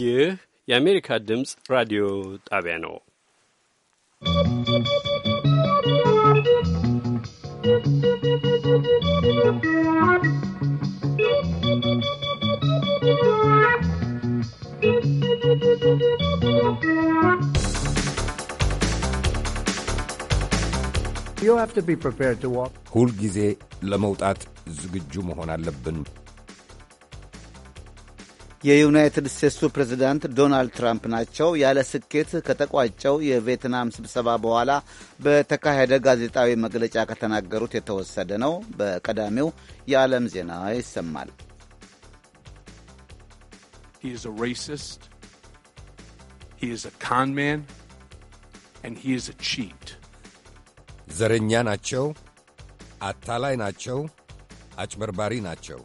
ይህ የአሜሪካ ድምፅ ራዲዮ ጣቢያ ነው። ሁልጊዜ ለመውጣት ዝግጁ መሆን አለብን። የዩናይትድ ስቴትሱ ፕሬዝዳንት ዶናልድ ትራምፕ ናቸው። ያለ ስኬት ከተቋጨው የቬትናም ስብሰባ በኋላ በተካሄደ ጋዜጣዊ መግለጫ ከተናገሩት የተወሰደ ነው። በቀዳሚው የዓለም ዜና ይሰማል። ዘረኛ ናቸው፣ አታላይ ናቸው፣ አጭበርባሪ ናቸው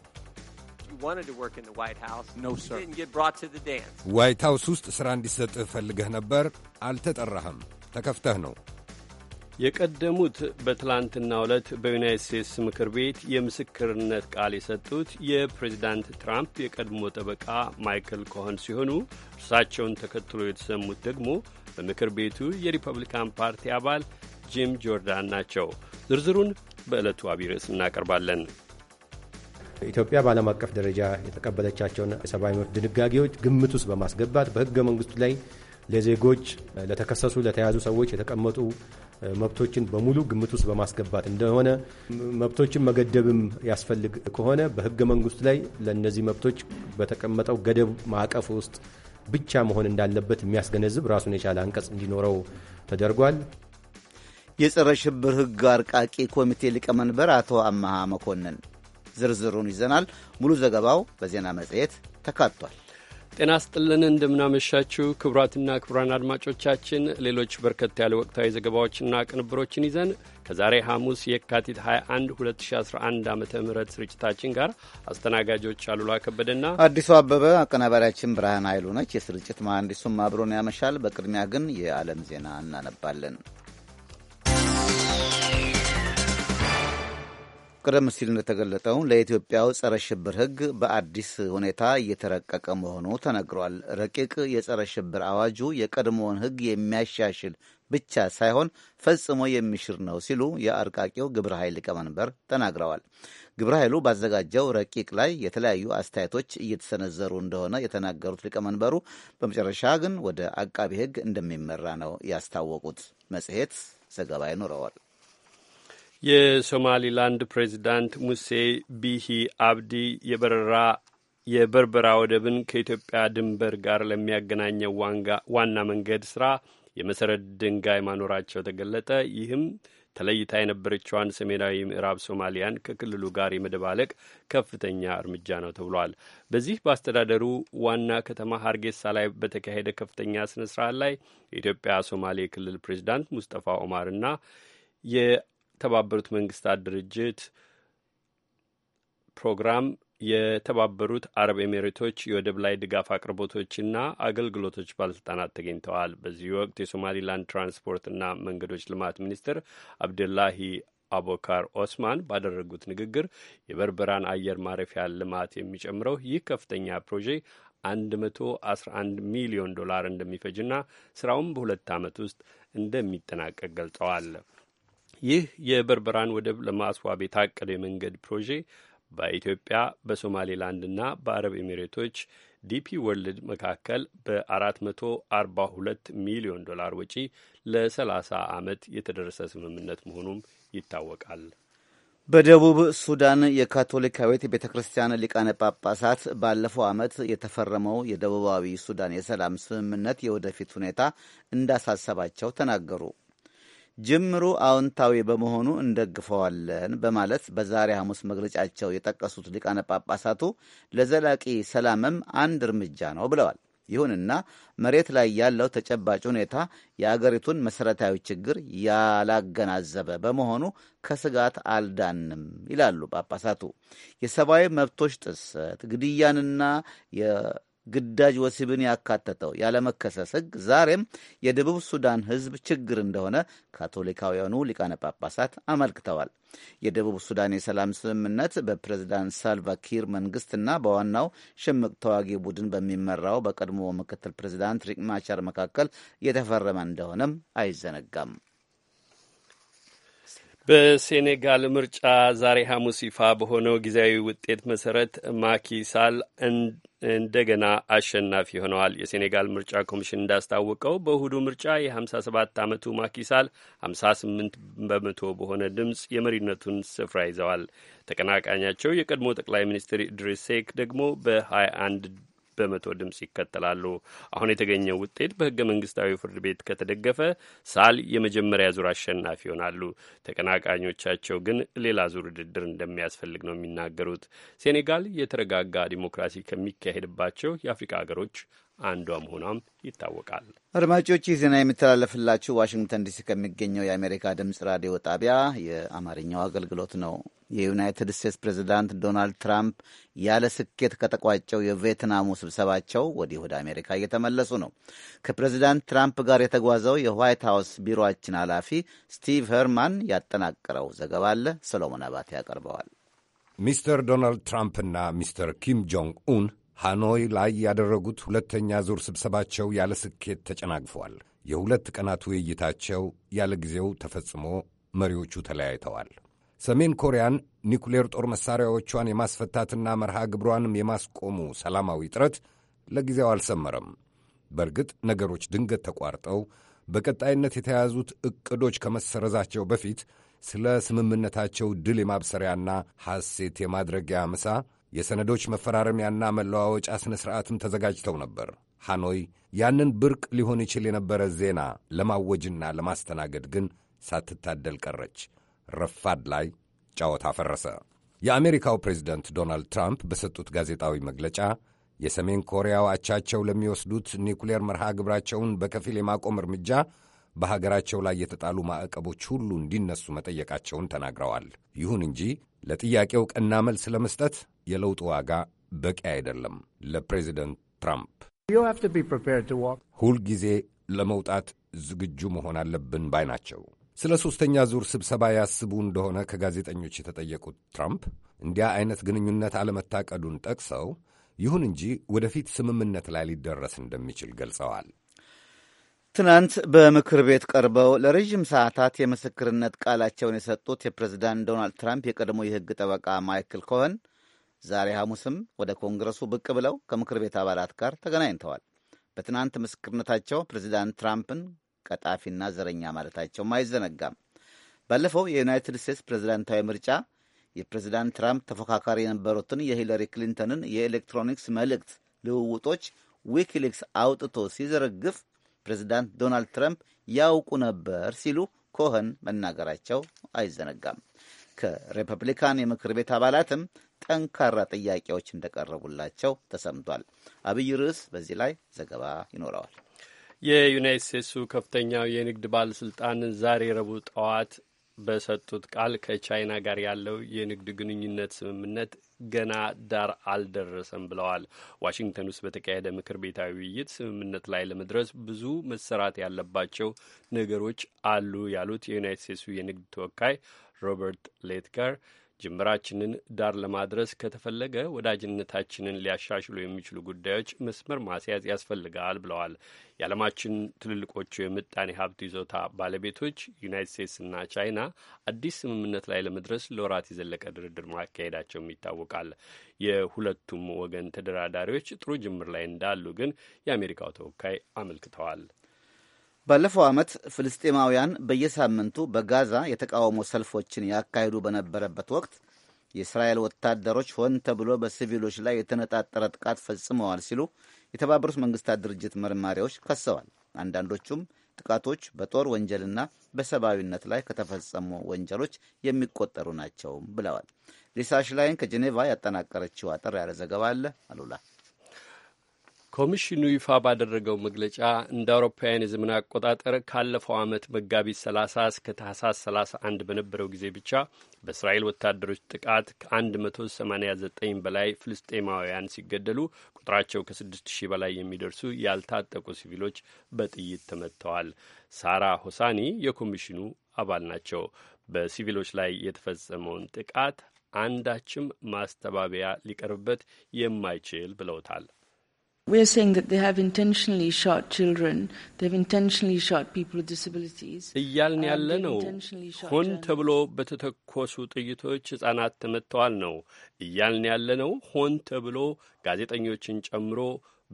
ዋይት ሃውስ ውስጥ ሥራ እንዲሰጥህ ፈልገህ ነበር፣ አልተጠራህም። ተከፍተህ ነው። የቀደሙት በትላንትና ዕለት በዩናይት ስቴትስ ምክር ቤት የምስክርነት ቃል የሰጡት የፕሬዚዳንት ትራምፕ የቀድሞ ጠበቃ ማይክል ኮሆን ሲሆኑ እርሳቸውን ተከትሎ የተሰሙት ደግሞ በምክር ቤቱ የሪፐብሊካን ፓርቲ አባል ጂም ጆርዳን ናቸው። ዝርዝሩን በዕለቱ አቢይ ርዕስ እናቀርባለን። ኢትዮጵያ በዓለም አቀፍ ደረጃ የተቀበለቻቸውን የሰብአዊ መብት ድንጋጌዎች ግምት ውስጥ በማስገባት በህገ መንግስቱ ላይ ለዜጎች ለተከሰሱ፣ ለተያዙ ሰዎች የተቀመጡ መብቶችን በሙሉ ግምት ውስጥ በማስገባት እንደሆነ መብቶችን መገደብም ያስፈልግ ከሆነ በህገ መንግስቱ ላይ ለእነዚህ መብቶች በተቀመጠው ገደብ ማዕቀፍ ውስጥ ብቻ መሆን እንዳለበት የሚያስገነዝብ ራሱን የቻለ አንቀጽ እንዲኖረው ተደርጓል። የጸረ ሽብር ህግ አርቃቂ ኮሚቴ ሊቀመንበር አቶ አመሃ መኮንን ዝርዝሩን ይዘናል። ሙሉ ዘገባው በዜና መጽሔት ተካቷል። ጤና ስጥልን እንደምናመሻችው ክቡራትና ክቡራን አድማጮቻችን ሌሎች በርከት ያለ ወቅታዊ ዘገባዎችና ቅንብሮችን ይዘን ከዛሬ ሐሙስ የካቲት 21 2011 ዓ ም ስርጭታችን ጋር አስተናጋጆች አሉላ ከበደና አዲሱ አበበ፣ አቀናባሪያችን ብርሃን ኃይሉ ነች። የስርጭት መሐንዲሱም አብሮን ያመሻል። በቅድሚያ ግን የዓለም ዜና እናነባለን። ቀደም ሲል እንደተገለጠው ለኢትዮጵያው ጸረ ሽብር ሕግ በአዲስ ሁኔታ እየተረቀቀ መሆኑ ተነግሯል። ረቂቅ የጸረ ሽብር አዋጁ የቀድሞውን ሕግ የሚያሻሽል ብቻ ሳይሆን ፈጽሞ የሚሽር ነው ሲሉ የአርቃቂው ግብረ ኃይል ሊቀመንበር ተናግረዋል። ግብረ ኃይሉ ባዘጋጀው ረቂቅ ላይ የተለያዩ አስተያየቶች እየተሰነዘሩ እንደሆነ የተናገሩት ሊቀመንበሩ በመጨረሻ ግን ወደ አቃቢ ሕግ እንደሚመራ ነው ያስታወቁት። መጽሔት ዘገባ ይኖረዋል። የሶማሊላንድ ፕሬዚዳንት ሙሴ ቢሂ አብዲ የበረራ የበርበራ ወደብን ከኢትዮጵያ ድንበር ጋር ለሚያገናኘው ዋና መንገድ ስራ የመሰረት ድንጋይ ማኖራቸው ተገለጠ። ይህም ተለይታ የነበረችዋን ሰሜናዊ ምዕራብ ሶማሊያን ከክልሉ ጋር የመደባለቅ ከፍተኛ እርምጃ ነው ተብሏል። በዚህ በአስተዳደሩ ዋና ከተማ ሀርጌሳ ላይ በተካሄደ ከፍተኛ ስነ ስርዓት ላይ የኢትዮጵያ ሶማሌ ክልል ፕሬዚዳንት ሙስጠፋ ኦማርና የተባበሩት መንግስታት ድርጅት ፕሮግራም የተባበሩት አረብ ኤሚሬቶች የወደብ ላይ ድጋፍ አቅርቦቶችና አገልግሎቶች ባለስልጣናት ተገኝተዋል። በዚህ ወቅት የሶማሊላንድ ትራንስፖርትና መንገዶች ልማት ሚኒስትር አብደላሂ አቦካር ኦስማን ባደረጉት ንግግር የበርበራን አየር ማረፊያ ልማት የሚጨምረው ይህ ከፍተኛ ፕሮጄ 111 ሚሊዮን ዶላር እንደሚፈጅና ስራውም በሁለት ዓመት ውስጥ እንደሚጠናቀቅ ገልጸዋል። ይህ የበርበራን ወደብ ለማስዋብ የታቀደ የመንገድ ፕሮጄ በኢትዮጵያ በሶማሌላንድና በአረብ ኤሚሬቶች ዲፒ ወርልድ መካከል በ442 ሚሊዮን ዶላር ወጪ ለ30 ዓመት የተደረሰ ስምምነት መሆኑም ይታወቃል። በደቡብ ሱዳን የካቶሊካዊት ቤተ ክርስቲያን ሊቃነ ጳጳሳት ባለፈው ዓመት የተፈረመው የደቡባዊ ሱዳን የሰላም ስምምነት የወደፊት ሁኔታ እንዳሳሰባቸው ተናገሩ። ጅምሩ አዎንታዊ በመሆኑ እንደግፈዋለን በማለት በዛሬ ሐሙስ መግለጫቸው የጠቀሱት ሊቃነ ጳጳሳቱ ለዘላቂ ሰላምም አንድ እርምጃ ነው ብለዋል። ይሁንና መሬት ላይ ያለው ተጨባጭ ሁኔታ የአገሪቱን መሠረታዊ ችግር ያላገናዘበ በመሆኑ ከስጋት አልዳንም ይላሉ ጳጳሳቱ። የሰብአዊ መብቶች ጥሰት፣ ግድያንና ግዳጅ ወሲብን ያካተተው ያለመከሰስ ሕግ ዛሬም የደቡብ ሱዳን ሕዝብ ችግር እንደሆነ ካቶሊካውያኑ ሊቃነ ጳጳሳት አመልክተዋል። የደቡብ ሱዳን የሰላም ስምምነት በፕሬዝዳንት ሳልቫኪር መንግስትና በዋናው ሽምቅ ተዋጊ ቡድን በሚመራው በቀድሞ ምክትል ፕሬዝዳንት ሪክ ማቻር መካከል የተፈረመ እንደሆነም አይዘነጋም። በሴኔጋል ምርጫ ዛሬ ሐሙስ ይፋ በሆነው ጊዜያዊ ውጤት መሰረት ማኪሳል እንደገና አሸናፊ ሆነዋል። የሴኔጋል ምርጫ ኮሚሽን እንዳስታወቀው በእሁዱ ምርጫ የ57 ዓመቱ ማኪሳል 58 በመቶ በሆነ ድምፅ የመሪነቱን ስፍራ ይዘዋል። ተቀናቃኛቸው የቀድሞ ጠቅላይ ሚኒስትር ኢድሪስ ሴክ ደግሞ በ21 በመቶ ድምፅ ይከተላሉ። አሁን የተገኘው ውጤት በህገ መንግስታዊ ፍርድ ቤት ከተደገፈ ሳል የመጀመሪያ ዙር አሸናፊ ይሆናሉ። ተቀናቃኞቻቸው ግን ሌላ ዙር ውድድር እንደሚያስፈልግ ነው የሚናገሩት። ሴኔጋል የተረጋጋ ዲሞክራሲ ከሚካሄድባቸው የአፍሪካ ሀገሮች አንዷ መሆኗም ይታወቃል። አድማጮች ይህ ዜና የሚተላለፍላችሁ ዋሽንግተን ዲሲ ከሚገኘው የአሜሪካ ድምፅ ራዲዮ ጣቢያ የአማርኛው አገልግሎት ነው። የዩናይትድ ስቴትስ ፕሬዚዳንት ዶናልድ ትራምፕ ያለ ስኬት ከተቋጨው የቪየትናሙ ስብሰባቸው ወዲህ ወደ አሜሪካ እየተመለሱ ነው። ከፕሬዚዳንት ትራምፕ ጋር የተጓዘው የዋይት ሀውስ ቢሮችን ኃላፊ ስቲቭ ሄርማን ያጠናቀረው ዘገባ አለ። ሰሎሞን አባቴ ያቀርበዋል። ሚስተር ዶናልድ ትራምፕና ሚስተር ኪም ጆንግ ኡን ሃኖይ ላይ ያደረጉት ሁለተኛ ዙር ስብሰባቸው ያለ ስኬት ተጨናግፏል። የሁለት ቀናት ውይይታቸው ያለ ጊዜው ተፈጽሞ መሪዎቹ ተለያይተዋል። ሰሜን ኮሪያን ኒኩሌር ጦር መሣሪያዎቿን የማስፈታትና መርሃ ግብሯንም የማስቆሙ ሰላማዊ ጥረት ለጊዜው አልሰመረም። በእርግጥ ነገሮች ድንገት ተቋርጠው በቀጣይነት የተያዙት ዕቅዶች ከመሰረዛቸው በፊት ስለ ስምምነታቸው ድል የማብሰሪያና ሐሴት የማድረጊያ ምሳ የሰነዶች መፈራረሚያና መለዋወጫ ሥነ ሥርዓትም ተዘጋጅተው ነበር። ሃኖይ ያንን ብርቅ ሊሆን ይችል የነበረ ዜና ለማወጅና ለማስተናገድ ግን ሳትታደል ቀረች። ረፋድ ላይ ጨዋታ ፈረሰ። የአሜሪካው ፕሬዚደንት ዶናልድ ትራምፕ በሰጡት ጋዜጣዊ መግለጫ የሰሜን ኮሪያው አቻቸው ለሚወስዱት ኒውክሌር መርሃ ግብራቸውን በከፊል የማቆም እርምጃ በሀገራቸው ላይ የተጣሉ ማዕቀቦች ሁሉ እንዲነሱ መጠየቃቸውን ተናግረዋል። ይሁን እንጂ ለጥያቄው ቀና መልስ ለመስጠት የለውጡ ዋጋ በቂ አይደለም። ለፕሬዚደንት ትራምፕ ሁልጊዜ ለመውጣት ዝግጁ መሆን አለብን ባይ ናቸው። ስለ ሦስተኛ ዙር ስብሰባ ያስቡ እንደሆነ ከጋዜጠኞች የተጠየቁት ትራምፕ እንዲያ አይነት ግንኙነት አለመታቀዱን ጠቅሰው ይሁን እንጂ ወደፊት ስምምነት ላይ ሊደረስ እንደሚችል ገልጸዋል። ትናንት በምክር ቤት ቀርበው ለረዥም ሰዓታት የምስክርነት ቃላቸውን የሰጡት የፕሬዝዳንት ዶናልድ ትራምፕ የቀድሞ የሕግ ጠበቃ ማይክል ኮሆን ዛሬ ሐሙስም ወደ ኮንግረሱ ብቅ ብለው ከምክር ቤት አባላት ጋር ተገናኝተዋል። በትናንት ምስክርነታቸው ፕሬዝዳንት ትራምፕን ቀጣፊና ዘረኛ ማለታቸውም አይዘነጋም። ባለፈው የዩናይትድ ስቴትስ ፕሬዝዳንታዊ ምርጫ የፕሬዝዳንት ትራምፕ ተፎካካሪ የነበሩትን የሂለሪ ክሊንተንን የኤሌክትሮኒክስ መልእክት ልውውጦች ዊኪሊክስ አውጥቶ ሲዘረግፍ ፕሬዚዳንት ዶናልድ ትራምፕ ያውቁ ነበር ሲሉ ኮኸን መናገራቸው አይዘነጋም። ከሪፐብሊካን የምክር ቤት አባላትም ጠንካራ ጥያቄዎች እንደቀረቡላቸው ተሰምቷል። አብይ ርዕስ በዚህ ላይ ዘገባ ይኖረዋል። የዩናይት ስቴትሱ ከፍተኛው የንግድ ባለስልጣን ዛሬ ረቡዕ ጠዋት በሰጡት ቃል ከቻይና ጋር ያለው የንግድ ግንኙነት ስምምነት ገና ዳር አልደረሰም ብለዋል። ዋሽንግተን ውስጥ በተካሄደ ምክር ቤታዊ ውይይት ስምምነት ላይ ለመድረስ ብዙ መሰራት ያለባቸው ነገሮች አሉ ያሉት የዩናይት ስቴትሱ የንግድ ተወካይ ሮበርት ሌትጋር ጅምራችንን ዳር ለማድረስ ከተፈለገ ወዳጅነታችንን ሊያሻሽሉ የሚችሉ ጉዳዮች መስመር ማስያዝ ያስፈልጋል ብለዋል። የዓለማችን ትልልቆቹ የምጣኔ ሀብት ይዞታ ባለቤቶች ዩናይት ስቴትስና ቻይና አዲስ ስምምነት ላይ ለመድረስ ለወራት የዘለቀ ድርድር ማካሄዳቸውም ይታወቃል። የሁለቱም ወገን ተደራዳሪዎች ጥሩ ጅምር ላይ እንዳሉ ግን የአሜሪካው ተወካይ አመልክተዋል። ባለፈው ዓመት ፍልስጤማውያን በየሳምንቱ በጋዛ የተቃውሞ ሰልፎችን ያካሂዱ በነበረበት ወቅት የእስራኤል ወታደሮች ሆን ተብሎ በሲቪሎች ላይ የተነጣጠረ ጥቃት ፈጽመዋል ሲሉ የተባበሩት መንግስታት ድርጅት መርማሪዎች ከሰዋል። አንዳንዶቹም ጥቃቶች በጦር ወንጀልና በሰብአዊነት ላይ ከተፈጸሙ ወንጀሎች የሚቆጠሩ ናቸውም ብለዋል። ሊሳ ሽላይን ከጄኔቫ ያጠናቀረችው አጠር ያለ ዘገባ አለ አሉላ ኮሚሽኑ ይፋ ባደረገው መግለጫ እንደ አውሮፓውያን የዘመን አቆጣጠር ካለፈው ዓመት መጋቢት 30 እስከ ታህሳስ 31 በነበረው ጊዜ ብቻ በእስራኤል ወታደሮች ጥቃት ከ189 በላይ ፍልስጤማውያን ሲገደሉ ቁጥራቸው ከ6000 በላይ የሚደርሱ ያልታጠቁ ሲቪሎች በጥይት ተመትተዋል። ሳራ ሆሳኒ የኮሚሽኑ አባል ናቸው። በሲቪሎች ላይ የተፈጸመውን ጥቃት አንዳችም ማስተባበያ ሊቀርብበት የማይችል ብለውታል። እያልን ያለ ነው። ሆን ተብሎ በተተኮሱ ጥይቶች ሕፃናት ተመተዋል ነው እያልን ያለ ነው። ሆን ተብሎ ጋዜጠኞችን ጨምሮ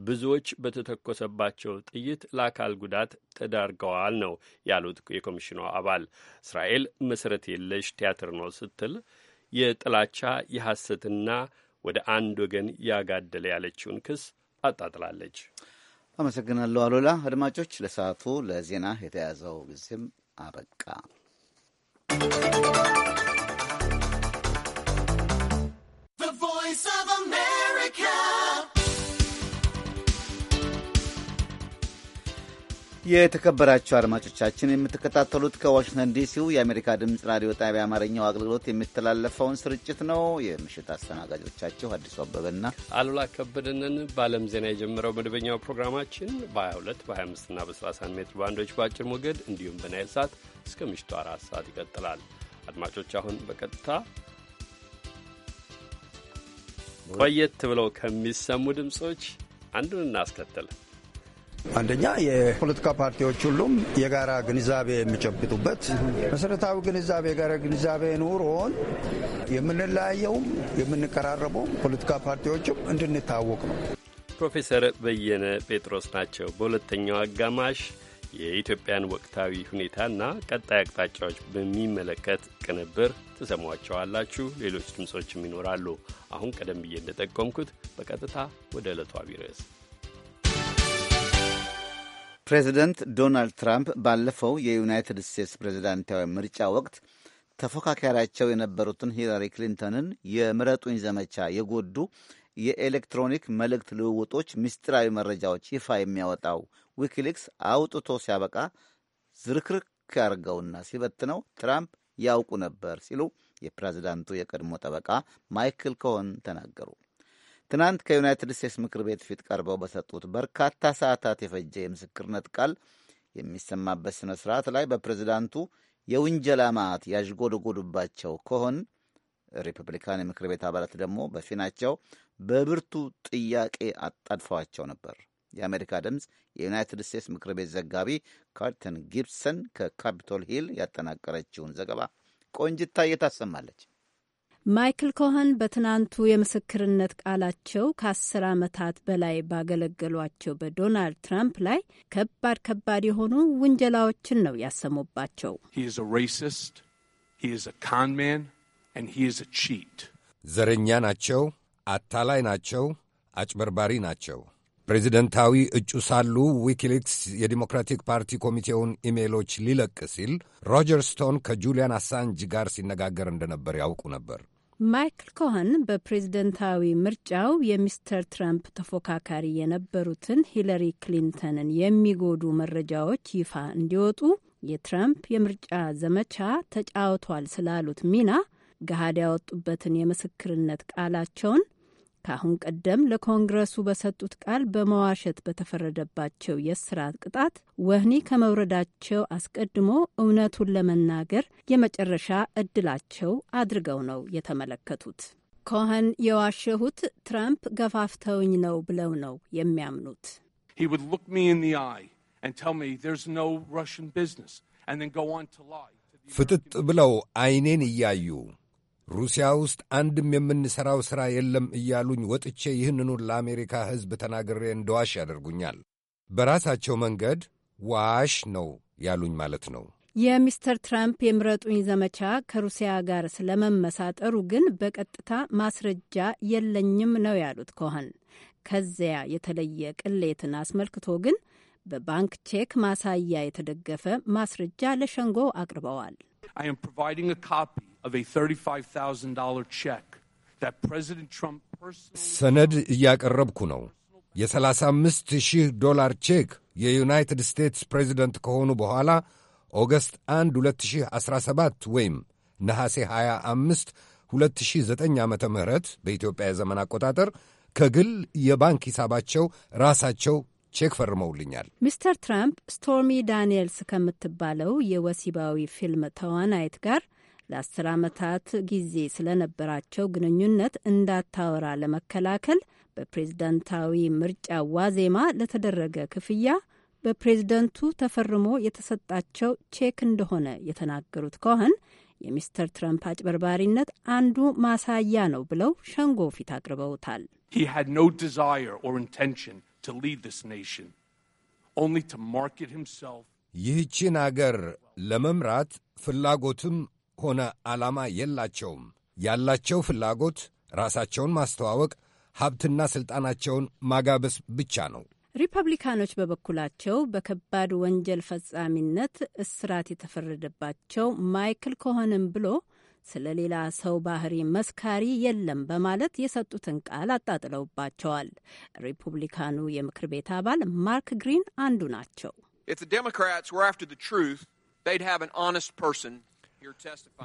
ብዙዎች በተተኮሰባቸው ጥይት ለአካል ጉዳት ተዳርገዋል ነው ያሉት የኮሚሽኑ አባል። እስራኤል መሠረት የለሽ ቲያትር ነው ስትል የጥላቻ የሐሰትና ወደ አንድ ወገን ያጋደለ ያለችውን ክስ አጣጥላለች። አመሰግናለሁ አሉላ። አድማጮች፣ ለሰዓቱ ለዜና የተያዘው ጊዜም አበቃ። የተከበራቸው አድማጮቻችን የምትከታተሉት ከዋሽንግተን ዲሲው የአሜሪካ ድምፅ ራዲዮ ጣቢያ አማርኛው አገልግሎት የሚተላለፈውን ስርጭት ነው። የምሽት አስተናጋጆቻችሁ አዲሱ አበበና አሉላ ከበደንን በዓለም ዜና የጀመረው መደበኛው ፕሮግራማችን በ22 በ25ና በ31 ሜትር ባንዶች በአጭር ሞገድ እንዲሁም በናይል ሰዓት እስከ ምሽቱ አራት ሰዓት ይቀጥላል። አድማጮች አሁን በቀጥታ ቆየት ብለው ከሚሰሙ ድምፆች አንዱን እናስከትል። አንደኛ የፖለቲካ ፓርቲዎች ሁሉም የጋራ ግንዛቤ የሚጨብጡበት መሰረታዊ ግንዛቤ የጋራ ግንዛቤ ኑሮን የምንለያየውም የምንቀራረበው ፖለቲካ ፓርቲዎችም እንድንታወቅ ነው። ፕሮፌሰር በየነ ጴጥሮስ ናቸው። በሁለተኛው አጋማሽ የኢትዮጵያን ወቅታዊ ሁኔታና ቀጣይ አቅጣጫዎች በሚመለከት ቅንብር ትሰሟቸዋላችሁ። ሌሎች ድምፆችም ይኖራሉ። አሁን ቀደም ብዬ እንደጠቆምኩት በቀጥታ ወደ ዕለቷ ቢረስ። ፕሬዚደንት ዶናልድ ትራምፕ ባለፈው የዩናይትድ ስቴትስ ፕሬዚዳንታዊ ምርጫ ወቅት ተፎካካሪያቸው የነበሩትን ሂላሪ ክሊንተንን የምረጡኝ ዘመቻ የጎዱ የኤሌክትሮኒክ መልእክት ልውውጦች ምስጢራዊ መረጃዎች ይፋ የሚያወጣው ዊኪሊክስ አውጥቶ ሲያበቃ ዝርክርክ ያርገውና ሲበትነው ትራምፕ ያውቁ ነበር ሲሉ የፕሬዚዳንቱ የቀድሞ ጠበቃ ማይክል ኮሆን ተናገሩ። ትናንት ከዩናይትድ ስቴትስ ምክር ቤት ፊት ቀርበው በሰጡት በርካታ ሰዓታት የፈጀ የምስክርነት ቃል የሚሰማበት ስነ ስርዓት ላይ በፕሬዚዳንቱ የውንጀላ ማዕት ያዥጎደጎዱባቸው ከሆን ሪፐብሊካን የምክር ቤት አባላት ደግሞ በፊናቸው በብርቱ ጥያቄ አጣድፈዋቸው ነበር። የአሜሪካ ድምፅ የዩናይትድ ስቴትስ ምክር ቤት ዘጋቢ ካርተን ጊብሰን ከካፒቶል ሂል ያጠናቀረችውን ዘገባ ቆንጅታ እየታሰማለች። ማይክል ኮኸን በትናንቱ የምስክርነት ቃላቸው ከአስር ዓመታት በላይ ባገለገሏቸው በዶናልድ ትራምፕ ላይ ከባድ ከባድ የሆኑ ውንጀላዎችን ነው ያሰሙባቸው። ዘረኛ ናቸው፣ አታላይ ናቸው፣ አጭበርባሪ ናቸው። ፕሬዚደንታዊ እጩ ሳሉ ዊኪሊክስ የዲሞክራቲክ ፓርቲ ኮሚቴውን ኢሜይሎች ሊለቅ ሲል ሮጀር ስቶን ከጁሊያን አሳንጅ ጋር ሲነጋገር እንደነበር ያውቁ ነበር። ማይክል ኮኸን በፕሬዝደንታዊ ምርጫው የሚስተር ትራምፕ ተፎካካሪ የነበሩትን ሂለሪ ክሊንተንን የሚጎዱ መረጃዎች ይፋ እንዲወጡ የትራምፕ የምርጫ ዘመቻ ተጫውቷል ስላሉት ሚና ገሃድ ያወጡበትን የምስክርነት ቃላቸውን ከአሁን ቀደም ለኮንግረሱ በሰጡት ቃል በመዋሸት በተፈረደባቸው የእስራት ቅጣት ወህኒ ከመውረዳቸው አስቀድሞ እውነቱን ለመናገር የመጨረሻ እድላቸው አድርገው ነው የተመለከቱት። ኮኸን የዋሸሁት ትራምፕ ገፋፍተውኝ ነው ብለው ነው የሚያምኑት። ፍጥጥ ብለው አይኔን እያዩ ሩሲያ ውስጥ አንድም የምንሠራው ሥራ የለም እያሉኝ ወጥቼ ይህንኑን ለአሜሪካ ሕዝብ ተናግሬ እንደዋሽ ያደርጉኛል። በራሳቸው መንገድ ዋሽ ነው ያሉኝ ማለት ነው። የሚስተር ትራምፕ የምረጡኝ ዘመቻ ከሩሲያ ጋር ስለመመሳጠሩ ግን በቀጥታ ማስረጃ የለኝም ነው ያሉት ከሆን ከዚያ የተለየ ቅሌትን አስመልክቶ ግን በባንክ ቼክ ማሳያ የተደገፈ ማስረጃ ለሸንጎ አቅርበዋል። ሰነድ እያቀረብኩ ነው። የ35 ሺህ ዶላር ቼክ የዩናይትድ ስቴትስ ፕሬዚደንት ከሆኑ በኋላ ኦገስት 1 2017 ወይም ነሐሴ 25 2009 ዓ ም በኢትዮጵያ የዘመን አቆጣጠር ከግል የባንክ ሂሳባቸው ራሳቸው ቼክ ፈርመውልኛል። ሚስተር ትራምፕ ስቶርሚ ዳንኤልስ ከምትባለው የወሲባዊ ፊልም ተዋናይት ጋር ለአስር ዓመታት ጊዜ ስለነበራቸው ግንኙነት እንዳታወራ ለመከላከል በፕሬዝደንታዊ ምርጫ ዋዜማ ለተደረገ ክፍያ በፕሬዝደንቱ ተፈርሞ የተሰጣቸው ቼክ እንደሆነ የተናገሩት ከሆን የሚስተር ትረምፕ አጭበርባሪነት አንዱ ማሳያ ነው ብለው ሸንጎ ፊት አቅርበውታል። ይህችን አገር ለመምራት ፍላጎትም ሆነ ዓላማ የላቸውም። ያላቸው ፍላጎት ራሳቸውን ማስተዋወቅ፣ ሀብትና ሥልጣናቸውን ማጋበስ ብቻ ነው። ሪፐብሊካኖች በበኩላቸው በከባድ ወንጀል ፈጻሚነት እስራት የተፈረደባቸው ማይክል ኮሆንም ብሎ ስለ ሌላ ሰው ባህሪ መስካሪ የለም በማለት የሰጡትን ቃል አጣጥለውባቸዋል። ሪፑብሊካኑ የምክር ቤት አባል ማርክ ግሪን አንዱ ናቸው።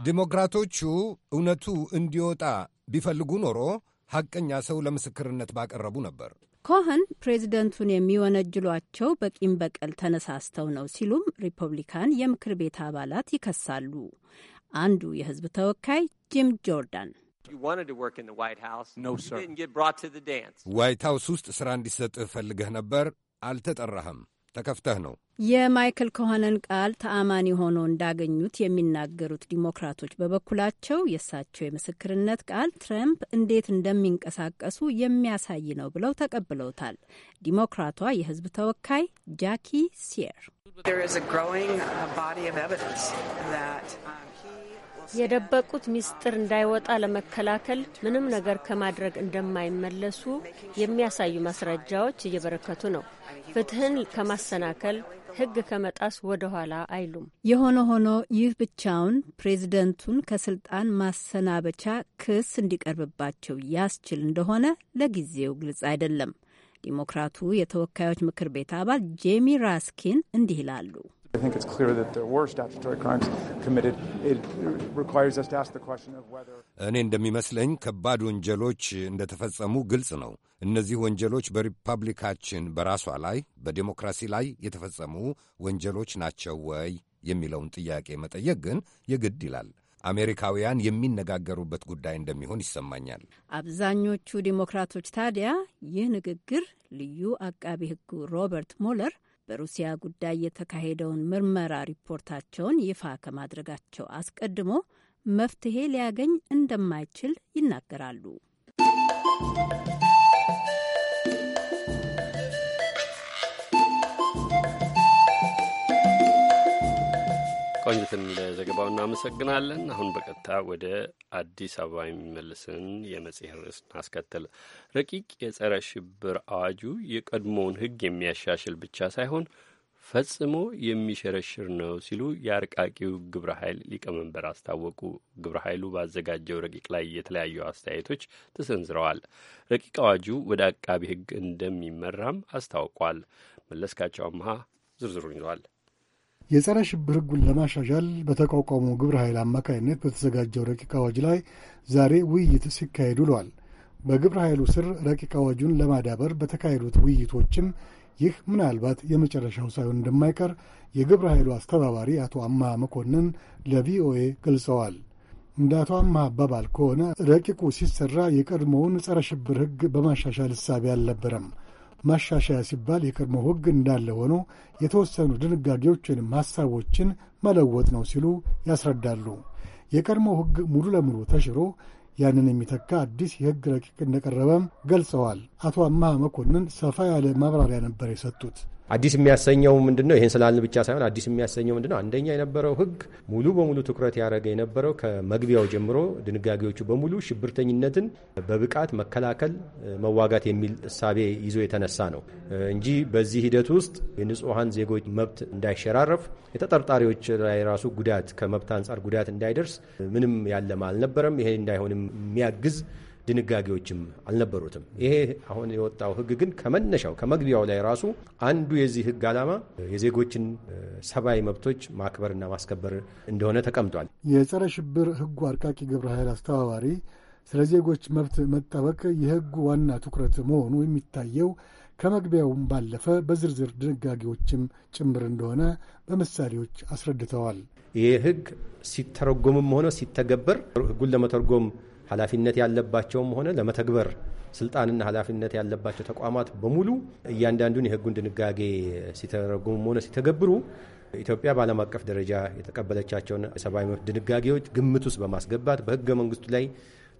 ዲሞክራቶቹ እውነቱ እንዲወጣ ቢፈልጉ ኖሮ ሐቀኛ ሰው ለምስክርነት ባቀረቡ ነበር። ኮህን ፕሬዚደንቱን የሚወነጅሏቸው በቂም በቀል ተነሳስተው ነው ሲሉም ሪፐብሊካን የምክር ቤት አባላት ይከሳሉ። አንዱ የህዝብ ተወካይ ጂም ጆርዳን ዋይት ሀውስ ውስጥ ስራ እንዲሰጥህ ፈልገህ ነበር፣ አልተጠራህም ተከፍተህ ነው። የማይክል ኮሆንን ቃል ተአማኒ ሆኖ እንዳገኙት የሚናገሩት ዲሞክራቶች በበኩላቸው የእሳቸው የምስክርነት ቃል ትረምፕ እንዴት እንደሚንቀሳቀሱ የሚያሳይ ነው ብለው ተቀብለውታል። ዲሞክራቷ የሕዝብ ተወካይ ጃኪ ሲየር የደበቁት ሚስጥር እንዳይወጣ ለመከላከል ምንም ነገር ከማድረግ እንደማይመለሱ የሚያሳዩ ማስረጃዎች እየበረከቱ ነው። ፍትህን ከማሰናከል ህግ ከመጣስ ወደ ኋላ አይሉም። የሆነ ሆኖ ይህ ብቻውን ፕሬዝደንቱን ከስልጣን ማሰናበቻ ክስ እንዲቀርብባቸው ያስችል እንደሆነ ለጊዜው ግልጽ አይደለም። ዲሞክራቱ የተወካዮች ምክር ቤት አባል ጄሚ ራስኪን እንዲህ ይላሉ። እኔ እንደሚመስለኝ ከባድ ወንጀሎች እንደተፈጸሙ ግልጽ ነው። እነዚህ ወንጀሎች በሪፐብሊካችን በራሷ ላይ በዴሞክራሲ ላይ የተፈጸሙ ወንጀሎች ናቸው ወይ የሚለውን ጥያቄ መጠየቅ ግን የግድ ይላል። አሜሪካውያን የሚነጋገሩበት ጉዳይ እንደሚሆን ይሰማኛል። አብዛኞቹ ዴሞክራቶች ታዲያ ይህ ንግግር ልዩ አቃቢ ሕጉ ሮበርት ሞለር በሩሲያ ጉዳይ የተካሄደውን ምርመራ ሪፖርታቸውን ይፋ ከማድረጋቸው አስቀድሞ መፍትሄ ሊያገኝ እንደማይችል ይናገራሉ። ቆንጅትን ለዘገባው እናመሰግናለን። አሁን በቀጥታ ወደ አዲስ አበባ የሚመልስን የመጽሔት ርዕስ እናስከትል። ረቂቅ የጸረ ሽብር አዋጁ የቀድሞውን ሕግ የሚያሻሽል ብቻ ሳይሆን ፈጽሞ የሚሸረሽር ነው ሲሉ የአርቃቂው ግብረ ኃይል ሊቀመንበር አስታወቁ። ግብረ ኃይሉ ባዘጋጀው ረቂቅ ላይ የተለያዩ አስተያየቶች ተሰንዝረዋል። ረቂቅ አዋጁ ወደ አቃቢ ሕግ እንደሚመራም አስታውቋል። መለስካቸው አምሃ ዝርዝሩን ይዟል። የጸረ ሽብር ህጉን ለማሻሻል በተቋቋመው ግብረ ኃይል አማካኝነት በተዘጋጀው ረቂቅ አዋጅ ላይ ዛሬ ውይይት ሲካሄድ ውሏል። በግብረ ኃይሉ ስር ረቂቅ አዋጁን ለማዳበር በተካሄዱት ውይይቶችም ይህ ምናልባት የመጨረሻው ሳይሆን እንደማይቀር የግብረ ኃይሉ አስተባባሪ አቶ አማ መኮንን ለቪኦኤ ገልጸዋል። እንደ አቶ አማ አባባል ከሆነ ረቂቁ ሲሰራ የቀድሞውን ጸረ ሽብር ህግ በማሻሻል እሳቤ አልነበረም። ማሻሻያ ሲባል የቀድሞ ሕግ እንዳለ ሆኖ የተወሰኑ ድንጋጌዎች ወይም ሐሳቦችን መለወጥ ነው ሲሉ ያስረዳሉ። የቀድሞ ሕግ ሙሉ ለሙሉ ተሽሮ ያንን የሚተካ አዲስ የሕግ ረቂቅ እንደቀረበም ገልጸዋል። አቶ አምሃ መኮንን ሰፋ ያለ ማብራሪያ ነበር የሰጡት። አዲስ የሚያሰኘው ምንድነው? ይህን ስላልን ብቻ ሳይሆን አዲስ የሚያሰኘው ነው አንደኛ የነበረው ህግ ሙሉ በሙሉ ትኩረት ያደረገ የነበረው ከመግቢያው ጀምሮ ድንጋጌዎቹ በሙሉ ሽብርተኝነትን በብቃት መከላከል፣ መዋጋት የሚል እሳቤ ይዞ የተነሳ ነው እንጂ በዚህ ሂደት ውስጥ የንጹሐን ዜጎች መብት እንዳይሸራረፍ፣ የተጠርጣሪዎች ላይ ራሱ ጉዳት ከመብት አንጻር ጉዳት እንዳይደርስ ምንም ያለም አልነበረም። ይሄ እንዳይሆንም የሚያግዝ ድንጋጌዎችም አልነበሩትም። ይሄ አሁን የወጣው ህግ ግን ከመነሻው ከመግቢያው ላይ ራሱ አንዱ የዚህ ህግ ዓላማ የዜጎችን ሰብአዊ መብቶች ማክበርና ማስከበር እንደሆነ ተቀምጧል። የጸረ ሽብር ህጉ አርቃቂ ግብረ ኃይል አስተባባሪ ስለ ዜጎች መብት መጠበቅ የህጉ ዋና ትኩረት መሆኑ የሚታየው ከመግቢያውም ባለፈ በዝርዝር ድንጋጌዎችም ጭምር እንደሆነ በምሳሌዎች አስረድተዋል። ይህ ህግ ሲተረጎምም ሆነ ሲተገበር ህጉን ለመተርጎም ኃላፊነት ያለባቸውም ሆነ ለመተግበር ስልጣንና ኃላፊነት ያለባቸው ተቋማት በሙሉ እያንዳንዱን የሕጉን ድንጋጌ ሲተረጉሙም ሆነ ሲተገብሩ ኢትዮጵያ በዓለም አቀፍ ደረጃ የተቀበለቻቸውን የሰብአዊ መብት ድንጋጌዎች ግምት ውስጥ በማስገባት በሕገ መንግስቱ ላይ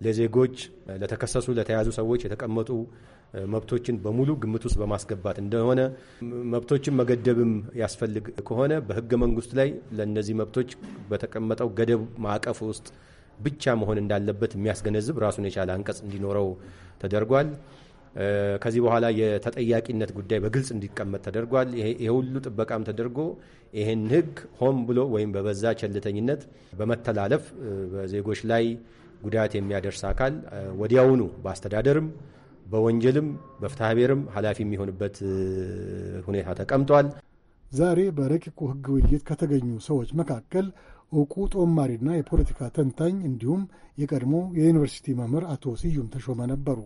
ለዜጎች ለተከሰሱ፣ ለተያዙ ሰዎች የተቀመጡ መብቶችን በሙሉ ግምት ውስጥ በማስገባት እንደሆነ መብቶችን መገደብም ያስፈልግ ከሆነ በሕገ መንግስቱ ላይ ለእነዚህ መብቶች በተቀመጠው ገደብ ማዕቀፍ ውስጥ ብቻ መሆን እንዳለበት የሚያስገነዝብ ራሱን የቻለ አንቀጽ እንዲኖረው ተደርጓል። ከዚህ በኋላ የተጠያቂነት ጉዳይ በግልጽ እንዲቀመጥ ተደርጓል። ይሄ ሁሉ ጥበቃም ተደርጎ ይህን ሕግ ሆን ብሎ ወይም በበዛ ቸልተኝነት በመተላለፍ በዜጎች ላይ ጉዳት የሚያደርስ አካል ወዲያውኑ በአስተዳደርም በወንጀልም በፍትሐ ብሔርም ኃላፊ የሚሆንበት ሁኔታ ተቀምጧል። ዛሬ በረቂቁ ሕግ ውይይት ከተገኙ ሰዎች መካከል እውቁ ጦማሪና የፖለቲካ ተንታኝ እንዲሁም የቀድሞ የዩኒቨርሲቲ መምህር አቶ ስዩም ተሾመ ነበሩ።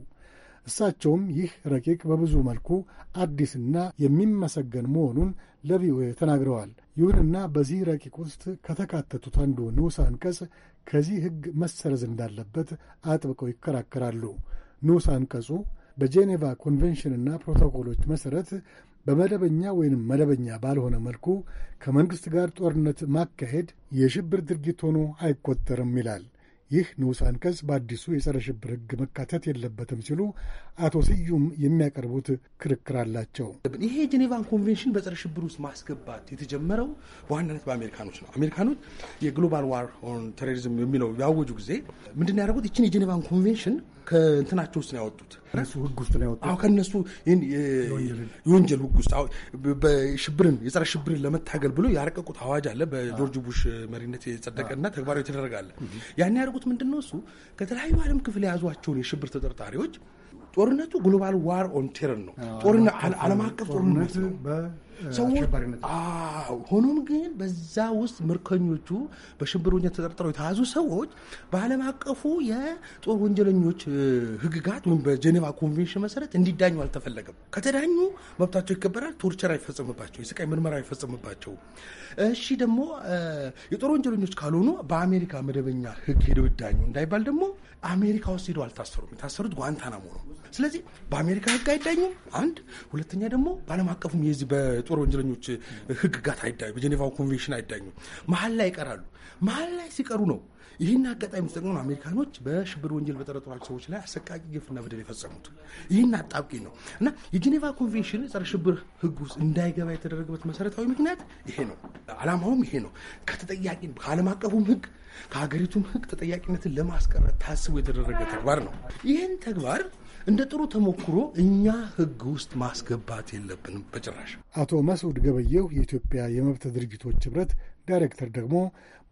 እሳቸውም ይህ ረቂቅ በብዙ መልኩ አዲስና የሚመሰገን መሆኑን ለቪኦኤ ተናግረዋል። ይሁንና በዚህ ረቂቅ ውስጥ ከተካተቱት አንዱ ንዑስ አንቀጽ ከዚህ ሕግ መሰረዝ እንዳለበት አጥብቀው ይከራከራሉ። ንዑስ አንቀጹ በጄኔቫ ኮንቬንሽንና ፕሮቶኮሎች መሠረት በመደበኛ ወይንም መደበኛ ባልሆነ መልኩ ከመንግሥት ጋር ጦርነት ማካሄድ የሽብር ድርጊት ሆኖ አይቆጠርም ይላል። ይህ ንዑስ አንቀጽ በአዲሱ የጸረ ሽብር ሕግ መካተት የለበትም ሲሉ አቶ ስዩም የሚያቀርቡት ክርክር አላቸው። ይሄ የጄኔቫን ኮንቬንሽን በጸረ ሽብር ውስጥ ማስገባት የተጀመረው በዋናነት በአሜሪካኖች ነው። አሜሪካኖች የግሎባል ዋር ኦን ቴሮሪዝም የሚለው ያወጁ ጊዜ ምንድን ያደረጉት ይችን የጄኔቫን ኮንቬንሽን ከእንትናቸው ውስጥ ነው ያወጡት። ከእነሱ ህግ ውስጥ ነው ያወጡት። አዎ ከእነሱ የወንጀል ህግ ውስጥ በሽብርን የጸረ ሽብርን ለመታገል ብሎ ያረቀቁት አዋጅ አለ። በጆርጅ ቡሽ መሪነት የጸደቀና ተግባራዊ የተደረገ አለ። ያን ያደርጉት ምንድን ነው እሱ ከተለያዩ ዓለም ክፍል የያዟቸውን የሽብር ተጠርጣሪዎች ጦርነቱ ግሎባል ዋር ኦን ቴረር ነው። ጦርነት ዓለም አቀፍ ጦርነት ነው። ሆኖም ግን በዛ ውስጥ ምርኮኞቹ በሽብር ወንጀል ተጠርጥረው የተያዙ ሰዎች በዓለም አቀፉ የጦር ወንጀለኞች ሕግጋት ወይም በጀኔቫ ኮንቬንሽን መሰረት እንዲዳኙ አልተፈለገም። ከተዳኙ መብታቸው ይከበራል። ቶርቸር አይፈጸምባቸው፣ የስቃይ ምርመራ አይፈጸምባቸው። እሺ ደግሞ የጦር ወንጀለኞች ካልሆኑ በአሜሪካ መደበኛ ሕግ ሄደው ይዳኙ እንዳይባል ደግሞ አሜሪካ ውስጥ ሄደው አልታሰሩም። የታሰሩት ጓንታናሞ ነው። ስለዚህ በአሜሪካ ሕግ አይዳኙም። አንድ ሁለተኛ ደግሞ በዓለም አቀፉም የዚህ የጦር ወንጀለኞች ህግጋት አይዳኙ፣ በጀኔቫው ኮንቬንሽን አይዳኙ፣ መሀል ላይ ይቀራሉ። መሀል ላይ ሲቀሩ ነው ይህን አጋጣሚ ተጠቅመው አሜሪካኖች በሽብር ወንጀል በጠረጠሯቸው ሰዎች ላይ አሰቃቂ ግፍና በደል የፈጸሙት ይህን አጣብቂ ነው እና የጄኔቫ ኮንቬንሽን ጸረ ሽብር ህግ ውስጥ እንዳይገባ የተደረገበት መሰረታዊ ምክንያት ይሄ ነው። አላማውም ይሄ ነው። ከተጠያቂ ከዓለም አቀፉም ህግ ከሀገሪቱም ህግ ተጠያቂነትን ለማስቀረት ታስቦ የተደረገ ተግባር ነው። ይህን ተግባር እንደ ጥሩ ተሞክሮ እኛ ህግ ውስጥ ማስገባት የለብንም በጭራሽ። አቶ መስዑድ ገበየሁ የኢትዮጵያ የመብት ድርጅቶች ህብረት ዳይሬክተር ደግሞ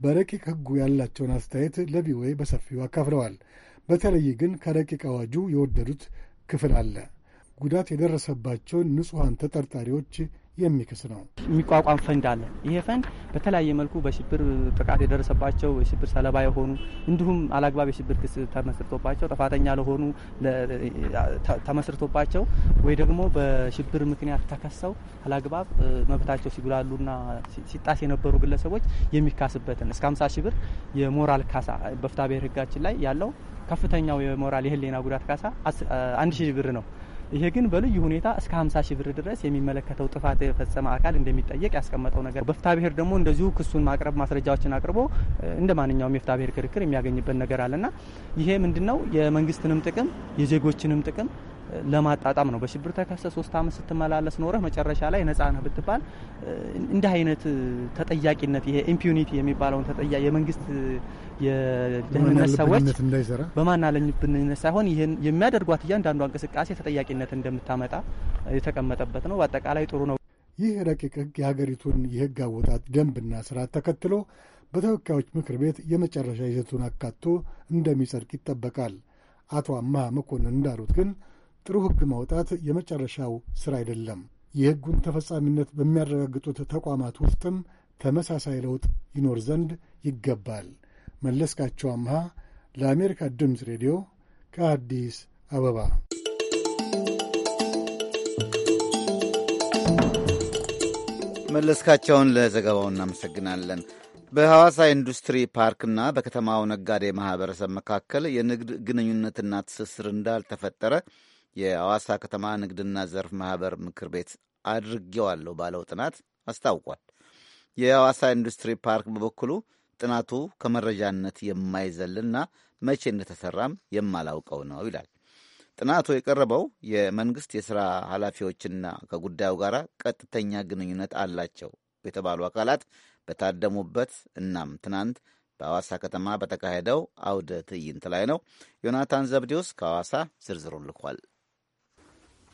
በረቂቅ ህጉ ያላቸውን አስተያየት ለቪኦኤ በሰፊው አካፍለዋል። በተለይ ግን ከረቂቅ አዋጁ የወደዱት ክፍል አለ። ጉዳት የደረሰባቸውን ንጹሐን ተጠርጣሪዎች የሚክስ ነው። የሚቋቋም ፈንድ አለ። ይሄ ፈንድ በተለያየ መልኩ በሽብር ጥቃት የደረሰባቸው የሽብር ሰለባ የሆኑ እንዲሁም አላግባብ የሽብር ክስ ተመስርቶባቸው ጥፋተኛ ለሆኑ ተመስርቶባቸው ወይ ደግሞ በሽብር ምክንያት ተከሰው አላግባብ መብታቸው ሲጉላሉና ሲጣስ የነበሩ ግለሰቦች የሚካስበትን እስከ ሀምሳ ሺህ ብር የሞራል ካሳ በፍትሐ ብሔር ላይ ያለው ከፍተኛው የሞራል የህሊና ጉዳት ካሳ አንድ ሺህ ብር ነው። ይሄ ግን በልዩ ሁኔታ እስከ 50 ሺህ ብር ድረስ የሚመለከተው ጥፋት የፈጸመ አካል እንደሚጠየቅ ያስቀመጠው ነገር በፍታ ብሔር ደግሞ እንደዚሁ ክሱን ማቅረብ ማስረጃዎችን አቅርቦ እንደ ማንኛውም የፍታ ብሔር ክርክር የሚያገኝበት ነገር አለና ይሄ ምንድነው የመንግስትንም ጥቅም የዜጎችንም ጥቅም ለማጣጣም ነው። በሽብር ተከሰ ሶስት አመት ስትመላለስ ኖረህ መጨረሻ ላይ ነጻ ነህ ብትባል እንዲህ አይነት ተጠያቂነት ይሄ ኢምፒዩኒቲ የሚባለውን ተጠያ የመንግስት የደህንነት ሰዎች በማናለኝብንነት ሳይሆን ይህን የሚያደርጓት እያንዳንዷ እንቅስቃሴ ተጠያቂነት እንደምታመጣ የተቀመጠበት ነው። በአጠቃላይ ጥሩ ነው። ይህ ረቂቅ ህግ የሀገሪቱን የህግ አወጣት ደንብና ስርዓት ተከትሎ በተወካዮች ምክር ቤት የመጨረሻ ይዘቱን አካቶ እንደሚጸድቅ ይጠበቃል። አቶ አማ መኮንን እንዳሉት ግን ጥሩ ሕግ ማውጣት የመጨረሻው ሥራ አይደለም። የሕጉን ተፈጻሚነት በሚያረጋግጡት ተቋማት ውስጥም ተመሳሳይ ለውጥ ይኖር ዘንድ ይገባል። መለስካቸው አምሃ ለአሜሪካ ድምፅ ሬዲዮ ከአዲስ አበባ። መለስካቸውን ለዘገባው እናመሰግናለን። በሐዋሳ ኢንዱስትሪ ፓርክና በከተማው ነጋዴ ማኅበረሰብ መካከል የንግድ ግንኙነትና ትስስር እንዳልተፈጠረ የአዋሳ ከተማ ንግድና ዘርፍ ማህበር ምክር ቤት አድርጌዋለሁ ባለው ጥናት አስታውቋል። የአዋሳ ኢንዱስትሪ ፓርክ በበኩሉ ጥናቱ ከመረጃነት የማይዘልና መቼ እንደተሰራም የማላውቀው ነው ይላል። ጥናቱ የቀረበው የመንግስት የሥራ ኃላፊዎችና ከጉዳዩ ጋር ቀጥተኛ ግንኙነት አላቸው የተባሉ አካላት በታደሙበት እናም ትናንት በአዋሳ ከተማ በተካሄደው አውደ ትዕይንት ላይ ነው። ዮናታን ዘብዴዎስ ከአዋሳ ዝርዝሩን ልኳል።